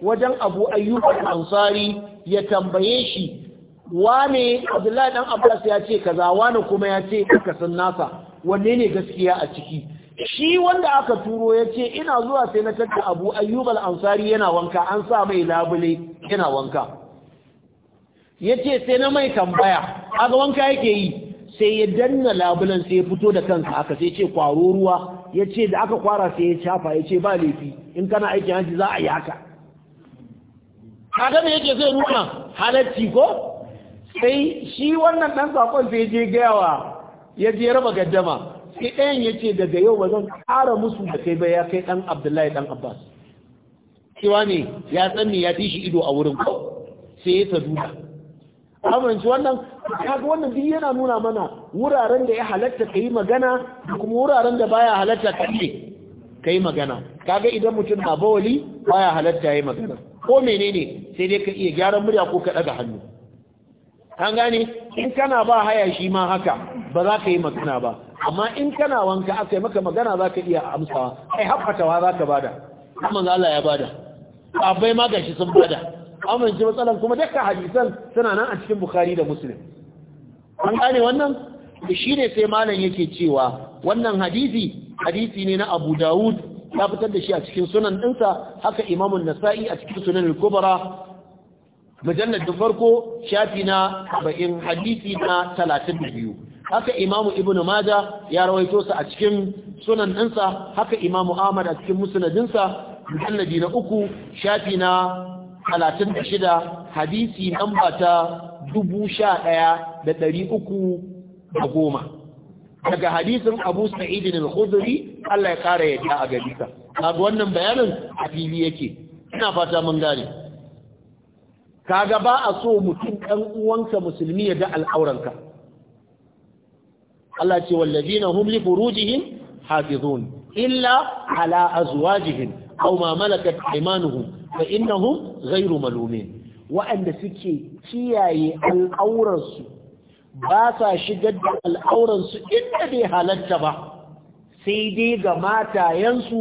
Speaker 1: wajen abu ayyukan ansari ya tambaye shi wane abdullahi dan abbas ya ce kaza wane kuma ya ce ka san nasa wanne ne gaskiya a ciki shi wanda aka turo ya ce ina zuwa sai na tattara abu ayyubal ansari yana wanka an sa mai labule yana wanka ya ce sai na mai tambaya A ga wanka yake yi sai ya danna labulan sai ya fito da kansa aka sai ce kwaro ruwa ya ce da aka kwara sai ya shafa ya ce ba laifi in kana aikin hanci za a yi haka kaga me yake zai nuna halarci ko sai shi wannan dan sakon sai je gayawa ya je raba gaddama sai ɗayan ya ce daga yau ba zan ƙara musu da kai ba ya kai ɗan abdullahi ɗan abbas cewa ne ya tsanni ya fi shi ido a wurin ko sai ya saduda amince wannan kaga wannan duk yana nuna mana wuraren da ya halatta ka yi magana da kuma wuraren da baya halatta ka yi ka yi magana kaga idan mutum na bawali baya halatta yi magana ko menene sai dai ka iya gyaran murya ko ka daga hannu an gane in kana ba haya shi ma haka ba za ka yi magana ba amma in kana wanka aka yi maka magana za ka iya amsawa ai haɓatawa za ka bada amma Allah ya bada abai ma gashi sun bada amince matsalan kuma dukkan hadisan suna nan a cikin bukhari da muslim an gane wannan shi ne sai malam yake cewa wannan hadisi hadisi ne na abu dawud ya fitar da shi a cikin sunan ɗinsa haka imamun nasa'i a cikin sunan al-kubra mujallar da farko shafi na saba'in hadisi na talatin da biyu haka imamu Ibn maja ya rawaito sa a cikin sunan ɗinsa haka imamu ahmad a cikin musnadinsa mujalladi na uku shafi na talatin da shida hadisi namba ta dubu sha ɗaya da ɗari uku da goma daga hadisin abu sa'idin al-khudri Allah ya ƙara yadda a gari ka wannan bayanin a fili yake ina fata mun gane kaga ba a so mutum ɗan uwanka musulmi ya ga al'aurarka Allah ce wallazina hum li furujihim hafizun illa ala azwajihim aw ma malakat aymanuhum fa innahum ghairu malumin wa'anda suke kiyaye al'auransu ba sa shigar da al'auransu inda bai halatta ba sai dai ga matayensu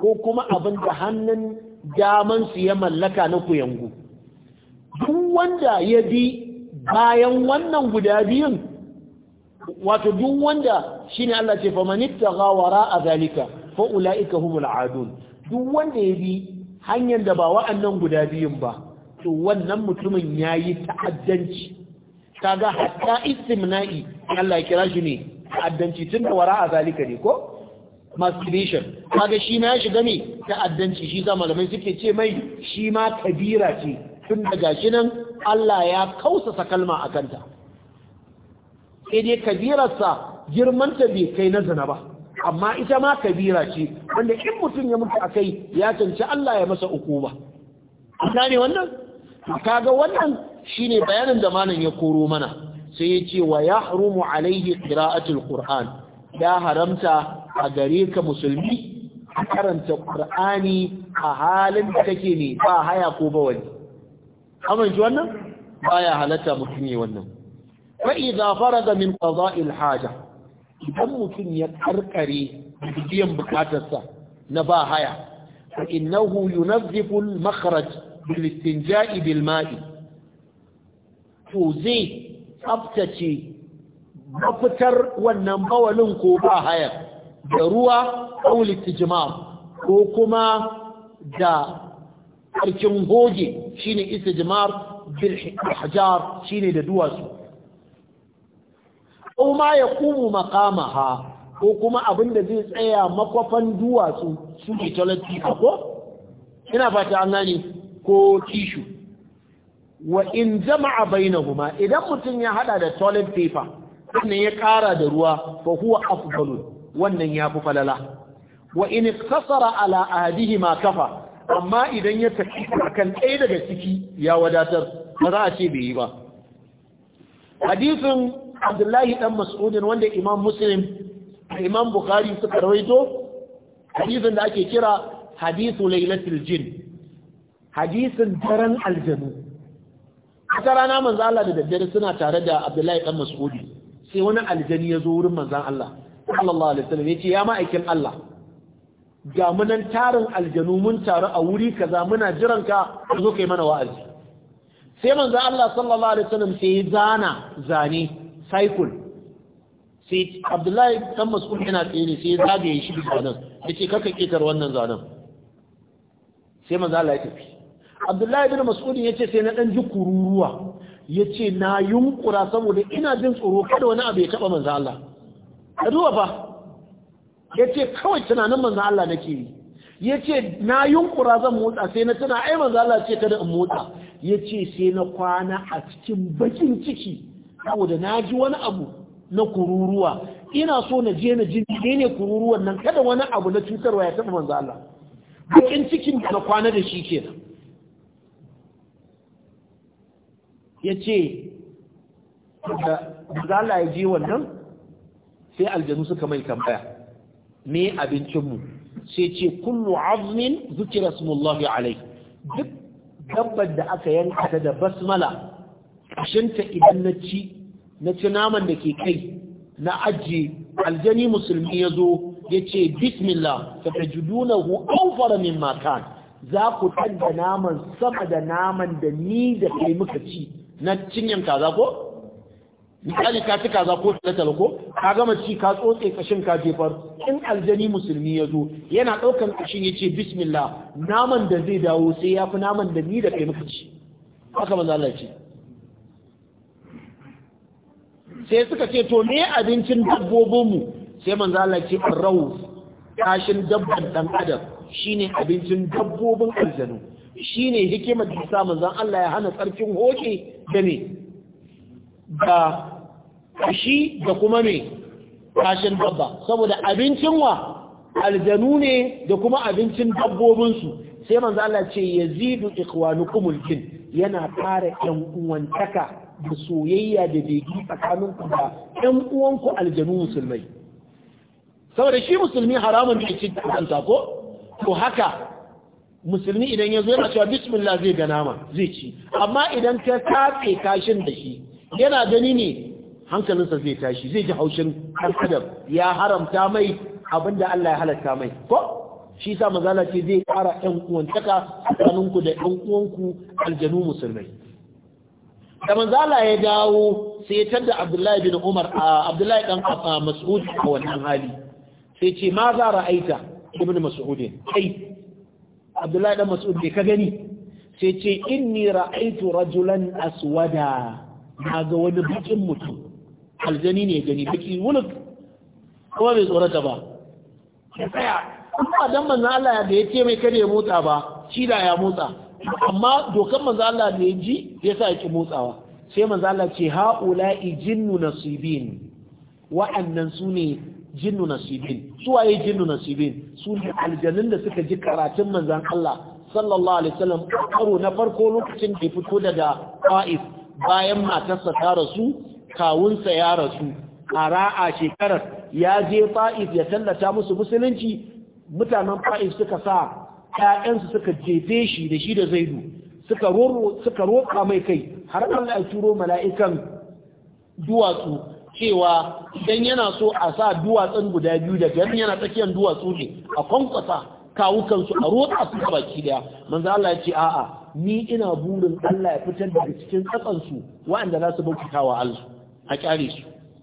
Speaker 1: ko kuma abin da hannun damansu ya mallaka na kuyangu duk wanda ya bi bayan wannan guda biyun wato duk wanda shine Allah ce famanitta gawara a zalika fa ulaika humul adun duk wanda ya bi hanyar da ba wa'annan guda biyun ba to wannan mutumin ya yi ta'addanci kaga hatta istimna'i Allah ya kira shi ne ta'addanci tun da a zalika ne ko masturbation kaga shi ma ya shiga ne ta'addanci shi sa malamai suke ce mai shi ma kabira ce tun daga shi nan Allah ya kausasa kalma a kanta sai dai kabirarsa girmanta bai kai na zina ba amma ita ma kabira ce wanda in mutum ya mutu akai ya canci Allah ya masa hukuma an ne wannan kaga wannan shine bayanin da malam ya koro mana sai ya ce wa yahrumu alaihi qira'atul qur'an ya haramta a gare ka musulmi karanta qur'ani a halin da kake ne ba haya ko ba wani amince wannan baya halatta mutum ne wannan fa idza farada min qada'il haja idan mutum ya karkare biyan bukatarsa na ba haya fa innahu yunazzifu al-makhraj bil istinja'i bil ma'i to zai tsaftace mafitar wannan bawalin ko ba haya da ruwa ko litijmar ko kuma da karkin goge shine istijmar bil hajar shine da duwatsu ko ma ya kumu makamaha ko kuma abin da zai tsaya makwafan duwatsu su ke toilet ko ina fata an gane ko tishu wa in jama'a bainahuma idan mutum ya hada da toilet paper sannan ya kara da ruwa fa huwa afdalu wannan yafi falala wa in iktasara ala ahadihima kafa amma idan ya tafi kan ɗaya daga ciki ya wadatar ba za a ce bai yi ba hadisin abdullahi dan mas'udin wanda imam muslim da imam bukhari suka rawaito hadisin da ake kira hadisu lailatul jin hadisin daren aljanu wata rana manzo Allah da daddare suna tare da abdullahi dan mas'udi sai wani aljani ya zo wurin manzon Allah sallallahu alaihi wasallam yace ya ma'aikin Allah ga munan tarin aljanu mun taru a wuri kaza muna jiran ka zo kai mana wa'azi sai manzo Allah sallallahu alaihi wasallam sai ya zana zane cycle sai abdullahi dan mas'ud yana tsere sai ya zagaye shi bisa nan yace kaka ketar wannan zanen sai manzo Allah ya tafi abdullahi bin ya ce sai na dan ji kururuwa Ya ce na yunkura saboda ina jin tsoro kada wani abu ya taba manzo Allah ka duba fa ce kawai tunanin manzo Allah nake yi Ya ce na yunkura zan motsa sai na tuna ai manzo Allah ce kada in motsa ce sai na kwana a cikin bakin ciki saboda na ji wani abu na kururuwa ina so na je na ji ne kururuwan nan kada wani abu na cutarwa ya taɓa manzo Allah bakin cikin da na kwana da shi kenan yace da Allah ya ji wannan sai aljanu suka mai tambaya me abincinmu sai ce kullu azmin zikira smullahi alai duk dabbar da aka yanka ta da basmala ƙashinta idan na ci na ci naman da ke kai na ajiye aljani musulmi ya zo ya ce bismillah ta tajidunahu awfara min makan za ku tadda naman sama da naman da ni da kai muka ci na cinyan kaza ko misali ka ci kaza ko ta ko ka gama ci ka tsotse kashin ka jefar in aljani musulmi ya zo yana ɗaukan kashin ya ce bismillah naman da zai dawo sai ya fi naman da ni da kai muka ci haka manzo ce sai suka ce to me abincin dabbobinmu sai manzo Allah ce rauf kashin dabban dan adam shine abincin dabbobin aljanu shine hikimar da sa manzo Allah ya hana tsarkin hoke da ne da kashi da kuma me kashin dabba saboda abincin wa aljanu ne da kuma abincin dabbobinsu sai manzo Allah ce yazidu ikhwanukumul jin yana fara yan uwantaka da soyayya da begi tsakanin ku da ɗan uwanku aljanu musulmai saboda shi musulmi haramun da ci kanta ko to haka musulmi idan ya zo yana cewa bismillah zai ga nama zai ci amma idan ka tatse kashin da shi yana gani ne hankalinsa zai tashi zai ji haushin ɗan adam ya haramta mai abinda Allah ya halatta mai ko shi sa mazala ce zai ƙara ɗan uwantaka tsakaninku da ɗan uwanku aljanu musulmai da manzala ya dawo sai ya tadda abdullahi bin umar a abdullahi dan mas'ud a wannan hali sai ce ma za ra'aita ibnu mas'ud kai abdullahi dan mas'ud ne ka gani sai ce inni ra'aitu rajulan aswada na ga wani bakin mutum aljani ne gani baki wuluk kuma bai tsorata ba ya tsaya kuma dan manzala Allah ya ce mai kada ya motsa ba shi da ya motsa amma dokan manzo Allah da ji yasa yake motsawa sai manzo Allah ce haula'i jinnu nasibin wa'annan sune jinnu nasibin su waye jinnu nasibin su ne aljanun da suka ji karatun manzon Allah sallallahu alaihi wasallam karo na farko lokacin da ya fito daga Qaif bayan matarsa ta rasu kawunsa ya rasu a shekarar ya je Qaif ya tallata musu musulunci mutanen Qaif suka sa ƴaƴansu suka jefe shi da shi da zaidu suka roƙa mai kai har Allah ya turo mala'ikan duwatsu cewa idan yana so a sa duwatsun guda biyu da garin yana tsakiyar duwatsu ne a kwankwasa kawukansu a roƙa su ga baki daya manzan Allah ya ce a'a ni ina burin Allah ya fitar daga cikin tsatsansu wa'anda za su bauta wa Allah a kyare su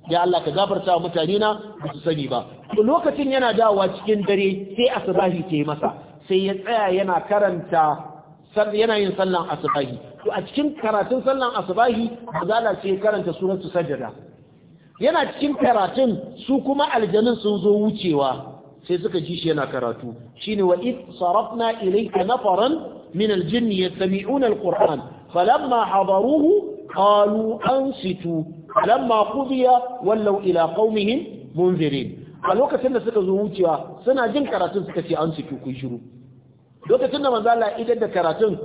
Speaker 1: ya Allah ka gafarta mutane na ba su sani ba lokacin yana dawowa cikin dare sai asbahi ta yi masa sai ya tsaya yana karanta yin sallan asubahi to a cikin karatun sallan asubahi mazala ce karanta suratu sajada yana cikin karatun su kuma aljanun sun zo wucewa sai suka ji shi yana karatu shine wa id sarafna ilayka nafaran min aljinn yastami'una alquran falamma hadaruhu qalu ansitu falamma qudiya wallaw ila qaumihim munzirin a lokacin da suka zo wucewa suna jin karatun suka ce an suke kun shiru lokacin da manzo Allah idan da karatun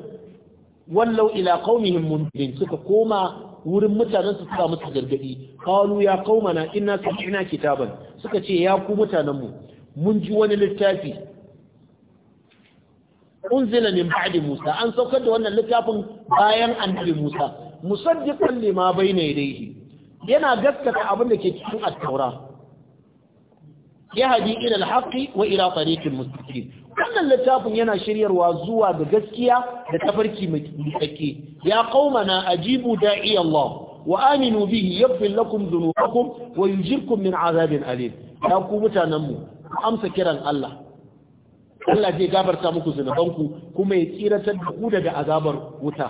Speaker 1: wallau ila qaumihim mundirin suka koma wurin mutanen su suka musu gargadi qalu ya qaumana inna sami'na kitaban suka ce ya ku mutanen mun ji wani littafi unzila min ba'di Musa an saukar da wannan littafin bayan annabi Musa musaddiqan lima bayna yadayhi yana gaskata abin da ke cikin at yahdi ila al-haqqi wa ila tariqil mustaqim wannan littafin yana shiryarwa zuwa ga gaskiya da tafarki mai tsake ya qaumana ajibu da'i Allah wa aminu bihi yaghfir lakum dhunubakum wa yujirkum min azabin alim ya ku mutanen mu amsa kiran Allah Allah zai gafarta muku zunubanku kuma ya tsiratar da ku daga azabar wuta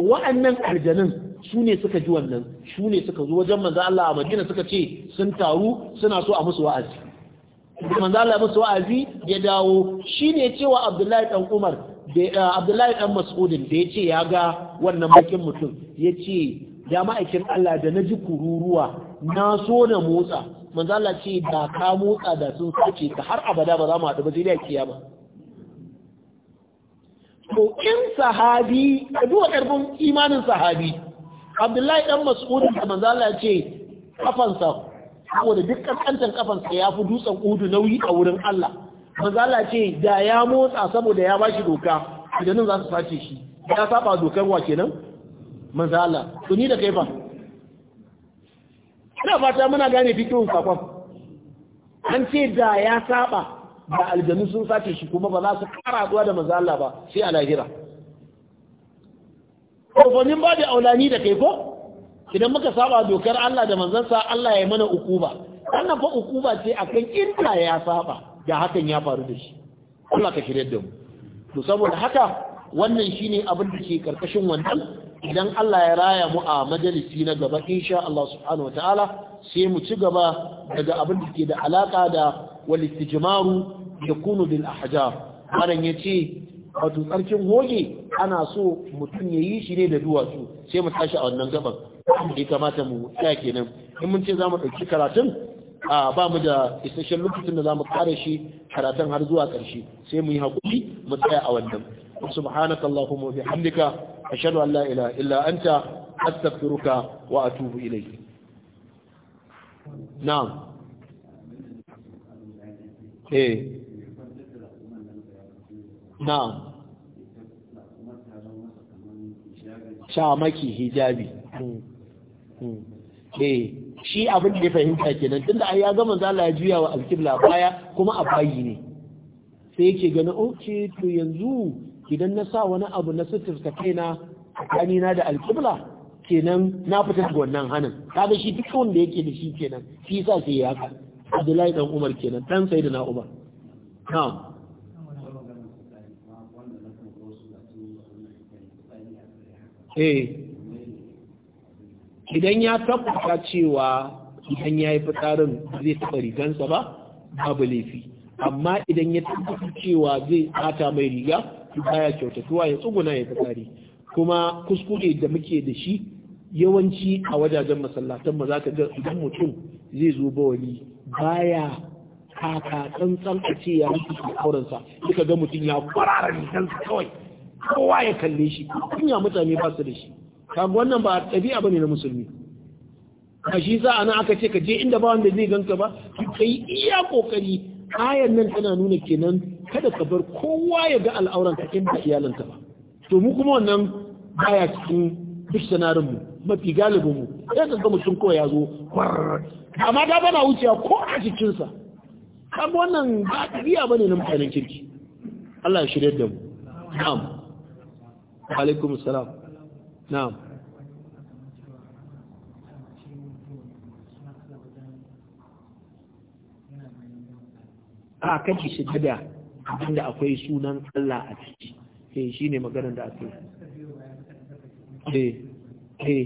Speaker 1: wa'annan aljanun su ne suka ji wannan su ne suka zo wajen manzo Allah a Madina suka ce sun taru suna so a musu wa'azi da manzo Allah musu wa'azi ya dawo shi ne cewa Abdullahi dan Umar da eh, Abdullahi dan Mas'udin da ya ce ya ga wannan bakin mutum yace ya ma'aikin Allah da naji kururuwa na so na motsa manzo Allah ce da ka motsa da sun sace ka har abada ba za mu haɗu ba zai da kiyama to in sahabi duwa karfin imanin sahabi Abdullahi dan Mas'udin da manzo Allah ce kafansa saboda duk kaskantar kafansa ya fi dutsen udu nauyi a wurin Allah manzala ce da ya motsa saboda ya ba shi doka idanun za su sace shi ya saba dokar wa kenan manzala to ni da kai ba. ina fata muna gane fitowar sakon an ce da ya saba da aljanu sun sace shi kuma ba za su kara haɗuwa da manzala ba sai a lahira kofanin ba da aulani da kai ko idan muka saba dokar Allah da manzansa Allah ya mana ukuba wannan fa ukuba ce akan inda ya saba da hakan ya faru da shi Allah ka shirye da mu to saboda haka wannan shine abin da ke karkashin wannan idan Allah ya raya mu a majalisi na gaba insha Allah subhanahu wataala sai mu ci gaba daga abin da ke da alaka da wal istijmaru yakunu bil ahjar ya yace wato tsarkin hoge ana so mutum ya yi shi ne da duwatsu sai mu tashi a wannan gaban da ya kamata mu tsaya kenan in mun ce za mu ɗauki karatun a ba mu da isasshen lokacin da za mu kare shi karatun har zuwa ƙarshe sai mu yi haƙuri mu tsaya a wannan subhanaka allahumma bihamdika ashhadu an la ilaha illa anta astaghfiruka wa atubu ilayk na'am eh na'am hijabi hmm. Hmm. eh shi abin da ya fahimta kenan tunda ai ya ga manzo Allah ya juya wa alkibla baya kuma a bayi ne sai yake gani oke to yanzu idan na sa wani abu na suturta kaina na da alqibla kenan na fita daga wannan hanin kaga shi duk wanda yake da shi kenan shi sa sai ya haka Abdullahi dan Umar kenan dan Sayyidina Umar na'am eh idan ya tabbata cewa idan ya yi fitsarin zai taɓa rigansa ba babu laifi amma idan ya tabbata cewa zai ɓata mai riga baya kyautatuwa ya tsuguna ya fitsari kuma kuskure da muke da shi yawanci a wajajen masallatan ma za ka ga idan mutum zai zo ba wani. baya kaka tsantsan a ce ya rufe aurensa duka ga mutum ya kwarara rigansa kawai kowa ya kalle shi kunya mutane ba su da shi kamar wannan ba ɗabi'a ne na musulmi a shi a nan aka ce ka je inda ba wanda zai ganka ba ka yi iya kokari ayan nan tana nuna kenan kada ka bar kowa ya ga al'auran ka inda iyalanka ba to mu kuma wannan baya cikin duk mu mafi galibin mu sai ka ga mutum ko ya zo amma da bana wucewa ko a cikin sa kaga wannan ba a ɗabi'a ne na mutanen kirki Allah ya shirya da mu na'am Wa alaikum salam na'am a kan ki shiga da abinda akwai sunan Allah a ciki eh, Shi shine maganar da ake eh eh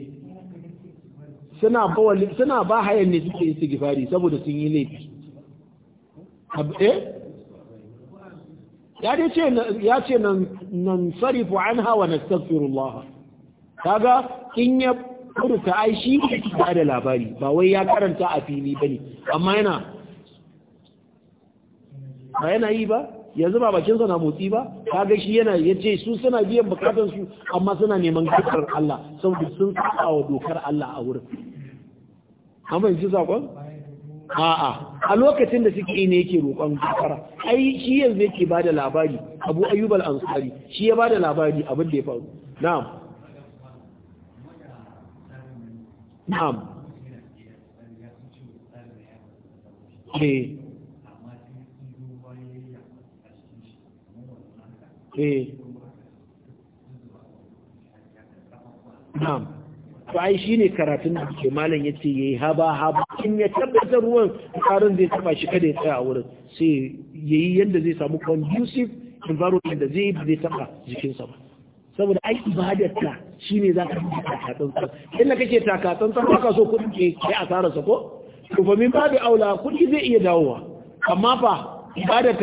Speaker 1: suna ba suna ba hayan ne suke gifari saboda sun yi laifi abu eh? ya ce ya ce nan nan sarifu anha wa nastaghfirullah kaga in ya furta ai shi ba da labari ba wai ya karanta a fili bane amma yana ba yana yi ba yanzu ba bakinsa na motsi ba ka ga shi yana yace su suna biyan bukatun su amma suna neman gafar Allah saboda sun saba wa dokar Allah a wurin an fahimci sakon a'a a lokacin da suke ne yake roƙon gafara ai shi yanzu yake bada labari Abu Ayyub al-Ansari shi ya bada labari abin da ya faru na'am na'am eh eh na'am to ai shine karatun da ke malam yace yayi haba haba in ya tabbatar ruwan karin zai taba shi kada ya tsaya a wurin sai yayi yanda zai samu conducive environment da zai zai taba jikinsa ba saboda ai shi shine za ka yi takatsantsan inda kake takatsantsan ba ka so kuɗi ke kai asarar sa ko to fa min babu aula kuɗi zai iya dawowa amma fa ba ka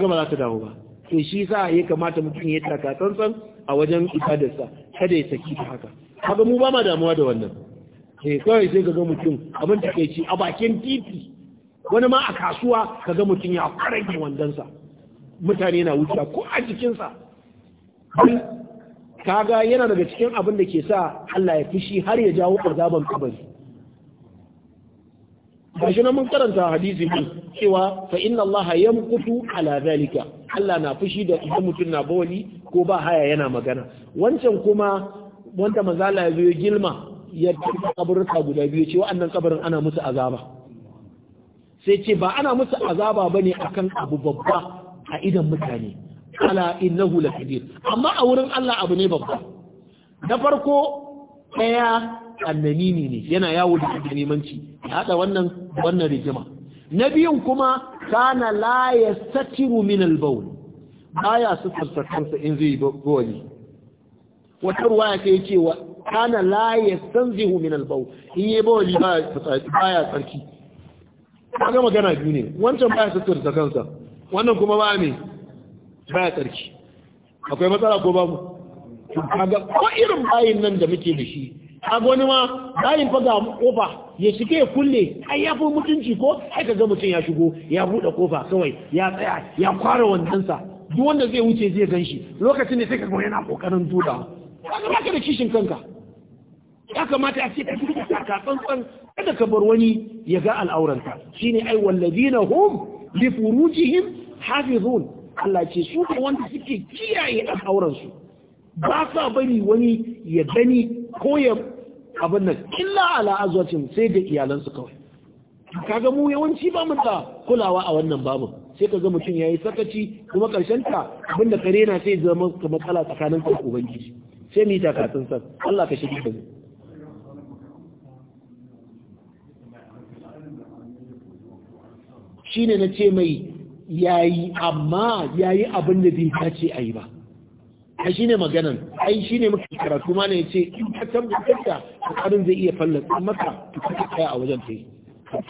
Speaker 1: ga ba za ta dawo ba to shi sa ya kamata mutum ya taka tsantsan a wajen ibadarsa kada ya saki ta haka haka mu ba ma damuwa da wannan sai eh, kawai sai ga mutum abin da kai ci a bakin titi wani ma a kasuwa ka ga mutum ya karage wandonsa mutane na wuce ko a jikinsa kaga yana daga cikin abin da ke sa Allah ya fishi har ya jawo azaban kabari gashi na mun karanta hadisi din. cewa fa inna Allah yamkutu ala zalika Allah na fushi da idan mutum na bawali ko ba haya yana magana wancan kuma wanda manzo Allah ya zo ya gilma ya tafi kaburka guda biyu ce annan kabarin ana musu azaba sai ce ba ana musu azaba bane akan abu babba a idan mutane ala innahu lakadir amma a wurin Allah abu ne babba na farko daya annanini ne yana yawo da nemanci hada wannan wannan rijima na biyun kuma kana la yastatiru min al-bawl baya sutarta kansa in zai bawli wata ruwaya ta yace cewa kana la yastanzihu min al-bawl in yi bawli baya tsarki kaga magana biyu ne wancan baya sutarta kansa wannan kuma ba me baya tsarki akwai matsala ko babu kaga ko irin bayin nan da muke da shi Agoni ma bayin faga ga kofa ya shige ya kulle ai ya fi mutunci ko ai ka kaga mutum ya shigo ya buɗe kofa kawai ya tsaya ya kwara sa duk wanda zai wuce zai gan shi lokacin da sai kaga yana kokarin duda kaga baka da kishin kanka ya kamata a ce ka duka ka tsantsan kada ka bar wani ya ga al'auranta. shine ai wallazina hum li furujihim hafizun Allah ce su wanda suke kiyaye al'auransu ba sa bari wani ya gani ko ya abin nan illa ala azwajin sai da iyalansu kawai kaga mu yawanci ba mu da kulawa a wannan babu sai ka ga mutum yayi sakaci kuma karshen ta abinda ka na sai zama ka kala tsakanin ku ubangiji sai mu yi takatun san Allah ka shige ka shine na ce mai yayi amma yayi abin da bai dace a ba ai shine maganan ai shine muka karatu ma ne yace in ka tabbatar da kokarin zai iya fallasa maka ka ka kai a wajen kai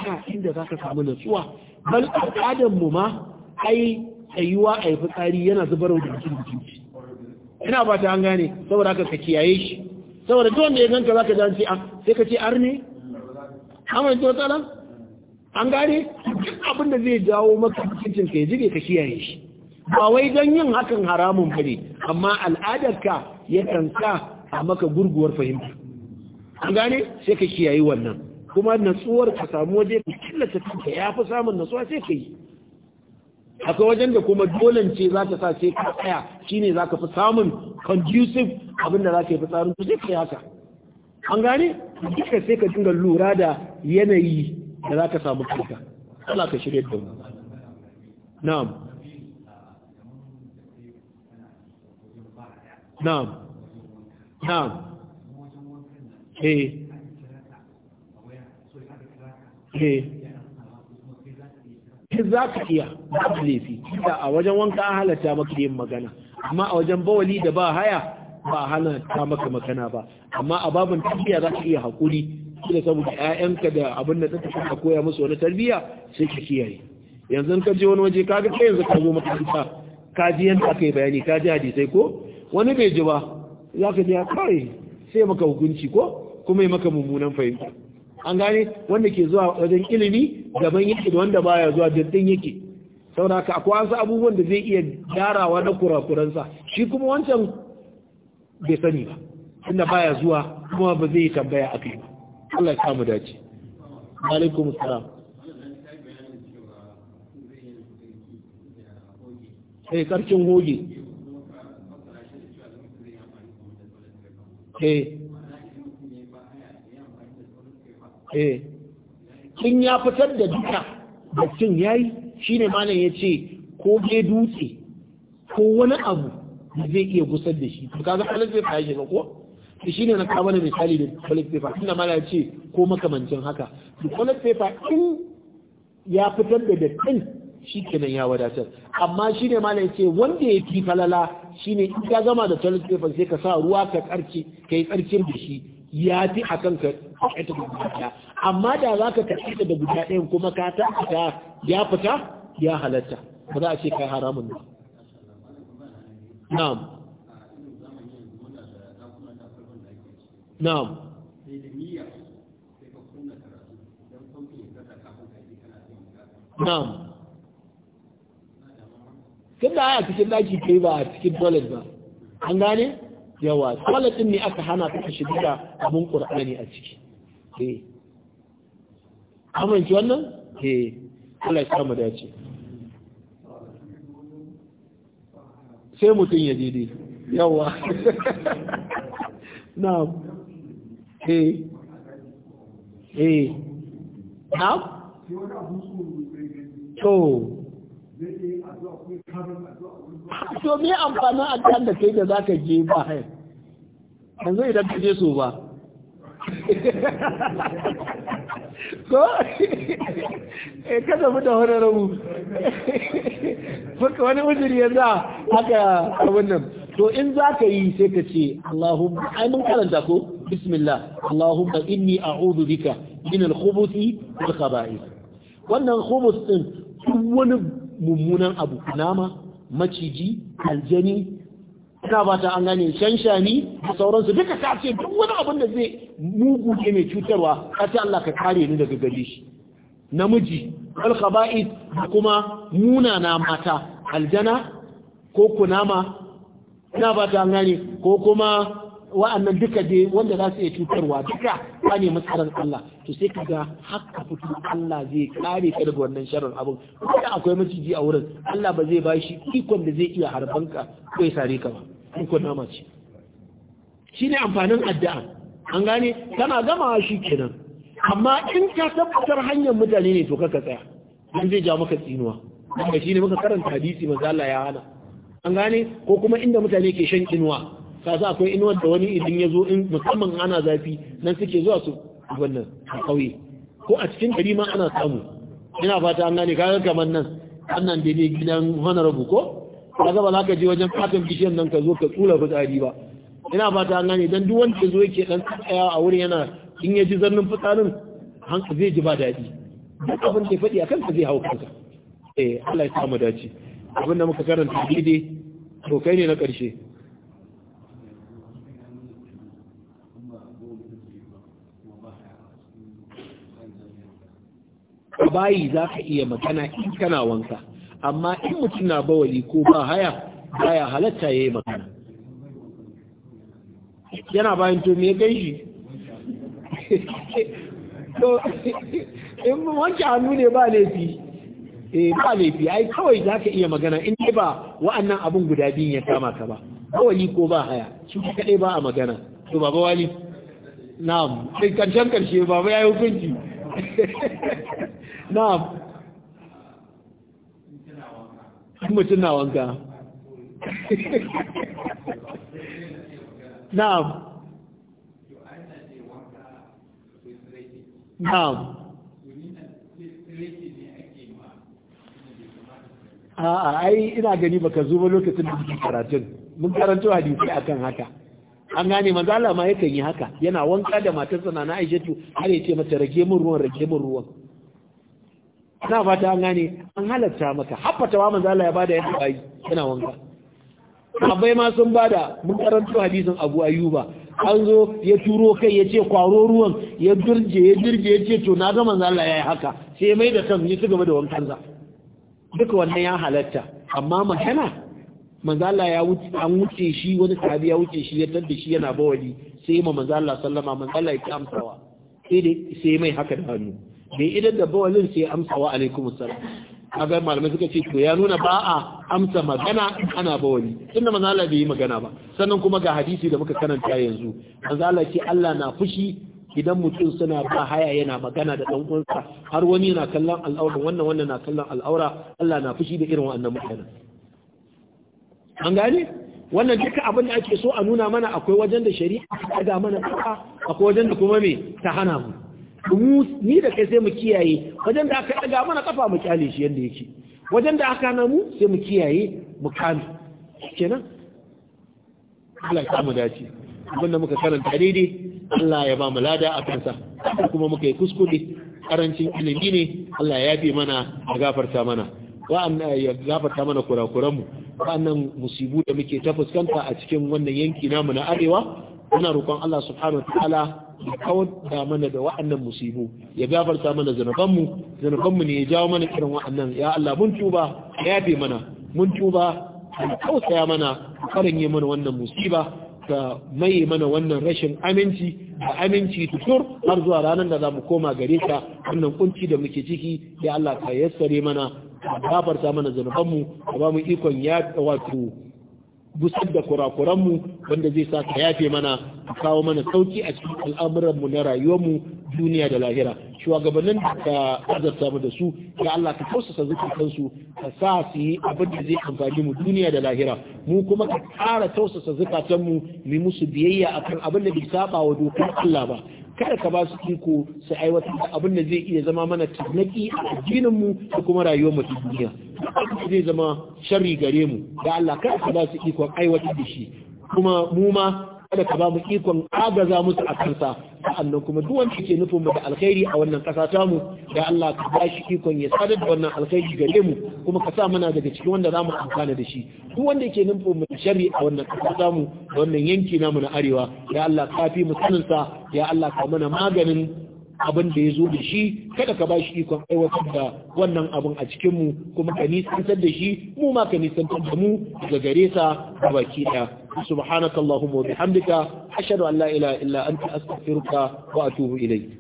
Speaker 1: ka inda zaka samu nutsuwa bal al'adan mu ma ai tsayuwa ai fitsari yana zubar da jikin jikin ina ba ta an gane saboda haka ka kiyaye shi saboda duk wanda ya ganka zaka ji an ce ah, sai ka ce arne amma to tsala an gane duk abin da zai jawo maka cikin ka ya jige ka kiyaye shi ba wai don yin hakan haramun bane amma al'adarka yakan sa a maka gurguwar fahimta an gane sai ka kiyaye wannan kuma natsuwar ka samu waje ka killace kanka ya fi samun natsuwa sai ka yi akwai wajen da kuma dolan ce za ta sa sai ka tsaya shine za ka fi samun conducive abin da za ka yi fitsarin to sai ka yi haka an gane duka sai ka dinga lura da yanayi da za ka samu kanka Allah ka shirya da mu na'am na'am na'am eh eh in za ka iya ka laifi da a wajen wanka an halarta maka yin magana amma a wajen bawali da ba haya ba a halatta maka magana ba amma a babin tafiya za ka iya haƙuri da saboda 'ya'yanka da abin da take ka koya musu wani tarbiyya sai ka kiyaye yanzu ka je wani waje kaga kai yanzu ka zo makaranta ka ji yanzu aka yi bayani ka ji hadisai ko wani bai ji ba za ka ji kai sai maka hukunci ko kuma yi maka mummunan fahimta an gane wanda ke zuwa wajen ilimi gaban yake da wanda baya zuwa daddin yake saboda haka akwai wasu abubuwan da zai iya gyarawa na kurakuransa shi kuma wancan bai sani ba Inda baya zuwa kuma ba zai tambaya a kai Allah ya samu dace alaikum salam sai eh, karkin hoge eh eh in ya fitar da duka shi yayi shine malam yace ko ke dutse ko wani abu zai iya gusar da shi to kaga toilet paper ya ba ko shi shine na kawo misali da toilet paper inda malam yace ko makamancin haka to toilet paper in ya fitar da dattin shi kenan ya wadatar amma shi ne malam ce wanda ya fi falala shi ne in ka gama da toilet paper sai ka sa ruwa ka karce ka yi karcin da shi ya fi a kan ka kaita da guda amma da za ka kaita da guda ɗayan kuma ka ta ya fita ya halatta ba za a ce kai haramun ba na'am na'am na'am tun da a cikin daki kai ba a cikin toilet ba an gane yawa toilet ɗin ne aka hana ta ka shiga abun qur'ani a ciki eh amince wannan eh Allah ya samu dace sai mutum ya daidai yawa na eh eh na to to me amfanin addu'ar da kai da za ka je ba hai yanzu idan ka je so ba ko e ka tafi da wani rabu fuka wani ujiri yanzu haka abin nan to in za ka yi sai ka ce Allahumma ai mun karanta ko bismillah Allahumma inni a bika min ginin khubuthi wal khaba'ith wannan khubus ɗin, wani mummunan abu kunama maciji aljani ina ba ta an gane shanshani da sauransu duka ta ce duk wani abin da zai mugu ne mai cutarwa ka ce Allah ka kare ni daga gare shi namiji alkhaba'id da kuma munana mata aljana ko kunama ina ba ta an gane ko kuma wa'annan duka dai wanda za su iya cutarwa duka ba ne matsalar Allah to sai ka ga haka fito Allah zai kare ka daga wannan sharar abin ko akwai maciji a wurin Allah ba zai bashi ikon da zai iya harban ka ko ya sare ka ba in ko nama ce shine amfanin addu'a an gane kana gamawa shi kenan amma in ka tabbatar hanyar mutane ne to ka tsaya dan zai ja maka tsinuwa kuma shine muka karanta hadisi manzo Allah ya hana an gane ko kuma inda mutane ke shan inuwa kasu akwai inuwar da wani idan ya zo in musamman ana zafi nan suke zuwa su wannan a ƙauye ko a cikin gari ma ana samu ina fata an gane kayan kamar nan an da ne gidan honorable ko ba ba za ka je wajen fatan bishiyar nan ka zo ka tsula fitsari ba ina fata an gane don duk wanda zo yake dan tsaya a wurin yana in ya ji zannin fitsarin hanka zai ji ba daɗi duk abin da ya faɗi a kanka zai hau kanka eh Allah ya samu dace abin da muka karanta daidai to kai ne na ƙarshe a bayi za ka iya magana in kana wanka amma in mutum na bawali ko ba haya baya halatta ya yi magana yana bayan to me gan shi to in wanke hannu ne ba laifi eh ba laifi ai kawai za ka iya magana in dai ba wa'annan abun guda biyun ya kama ka ba bawali ko ba haya shi kadai ba a magana to ba bawali na'am sai karshen karshe baba yi hukunci na mutum na wanka na'am na'am a'a ai ina gani baka zo ba lokacin da muke karatun mun karanto hadisi akan haka an gane manzo Allah ma yakan yi haka yana wanka da matarsa na Aishatu har ya ce mata rage min ruwan rage min ruwan na fata an gane an halatta maka haffatawa manzo Allah ya bada yadda bai yana wanka abai ma sun bada mun karanto hadisin Abu Ayyuba an zo ya turo kai ya ce kwaro ruwan ya durje ya durje ya ce to na ga manzo Allah yayi haka sai mai da kan ya ci gaba da wankan sa duka wannan ya halatta amma magana manzo Allah ya wuce an wuce shi wani sahabi ya wuce shi ya tadda shi yana bawali sai ma manzo Allah sallama manzo Allah ya kamsawa sai dai sai mai haka da hannu bai idan da bawalin sai amsa wa alaikum a ga malamai suka ce to ya nuna ba a amsa magana ana bawali Inda manzo Allah bai yi magana ba sannan kuma ga hadisi da muka karanta yanzu manzo Allah ce Allah na fushi idan mutum suna ba haya yana magana da dan uwansa har wani na kallon al'aura wannan wannan na kallon al'aura Allah na fushi da irin wannan mutane an gane wannan duka abin da ake so a nuna mana akwai wajen da shari'a ta ga mana akwai wajen da kuma me ta hana mu ni da kai sai mu kiyaye wajen da aka daga mana kafa mu kyale shi yadda yake wajen da aka na mu sai mu kiyaye mu kame kenan Allah ya mu dace abinda muka karanta daidai Allah ya ba mu lada a kansa kuma muka yi kuskure karancin ilimi ne Allah ya yafe mana ya gafarta mana wa'annan ya gafarta mana kurakuran mu wa'annan musibu da muke ta fuskanta a cikin wannan yanki namu na arewa muna roƙon Allah subhanahu ta'ala ya kawar da mana da wa'annan musibu ya gafarta mana zanabanmu zanabanmu ne ya jawo mana irin wa'annan ya Allah mun tuba ya yafe mana mun tuba ka tausaya mana karin yi mana wannan musiba ka maye mana wannan rashin aminci da aminci tutur har zuwa ranar da za mu koma gare ka wannan kunci da muke ciki ya Allah ka yassare mana ka gafarta mana zanabanmu ka ba mu ikon ya wato busar da kurakuranmu wanda zai sa ka yafe mana a kawo mana sauki a cikin al'amuranmu na rayuwarmu duniya da lahira shugabannin da ka azarta mu da su ya Allah ka tausasa zukatansu ka sa su yi abin da zai amfani mu duniya da lahira mu kuma ka ƙara tausasa zukatanmu mu musu biyayya akan abin da bai saba wa dokar Allah ba kada ka ba su iko su aiwatar da abin da zai iya zama mana tunaki a addinin mu da kuma rayuwar mu duniya zai zama sharri gare mu da Allah kada ka ba su iko aiwatar da shi kuma mu ma kada ka ba mu ikon agaza musu a kansa sa'annan kuma duk wanda ke nufin mu da alkhairi a wannan ƙasa ta mu da Allah ka ba shi ikon ya sadar da wannan alkhairi gare mu kuma ka sa mana daga cikin wanda za mu amfana da shi duk wanda ke nufin mu da sharri a wannan ƙasa ta mu da wannan yanki namu na arewa ya Allah ka fi mu sanin sa ya Allah ka mana maganin abin da ya zo da shi kada ka ba shi ikon aiwatar da wannan abin a cikinmu kuma ka nisantar da shi mu ma ka nisantar da mu daga gare sa a baki ɗaya subhanakallahumma wa bihamdika ashhadu an la ilaha illa anta astaghfiruka wa atubu ilayk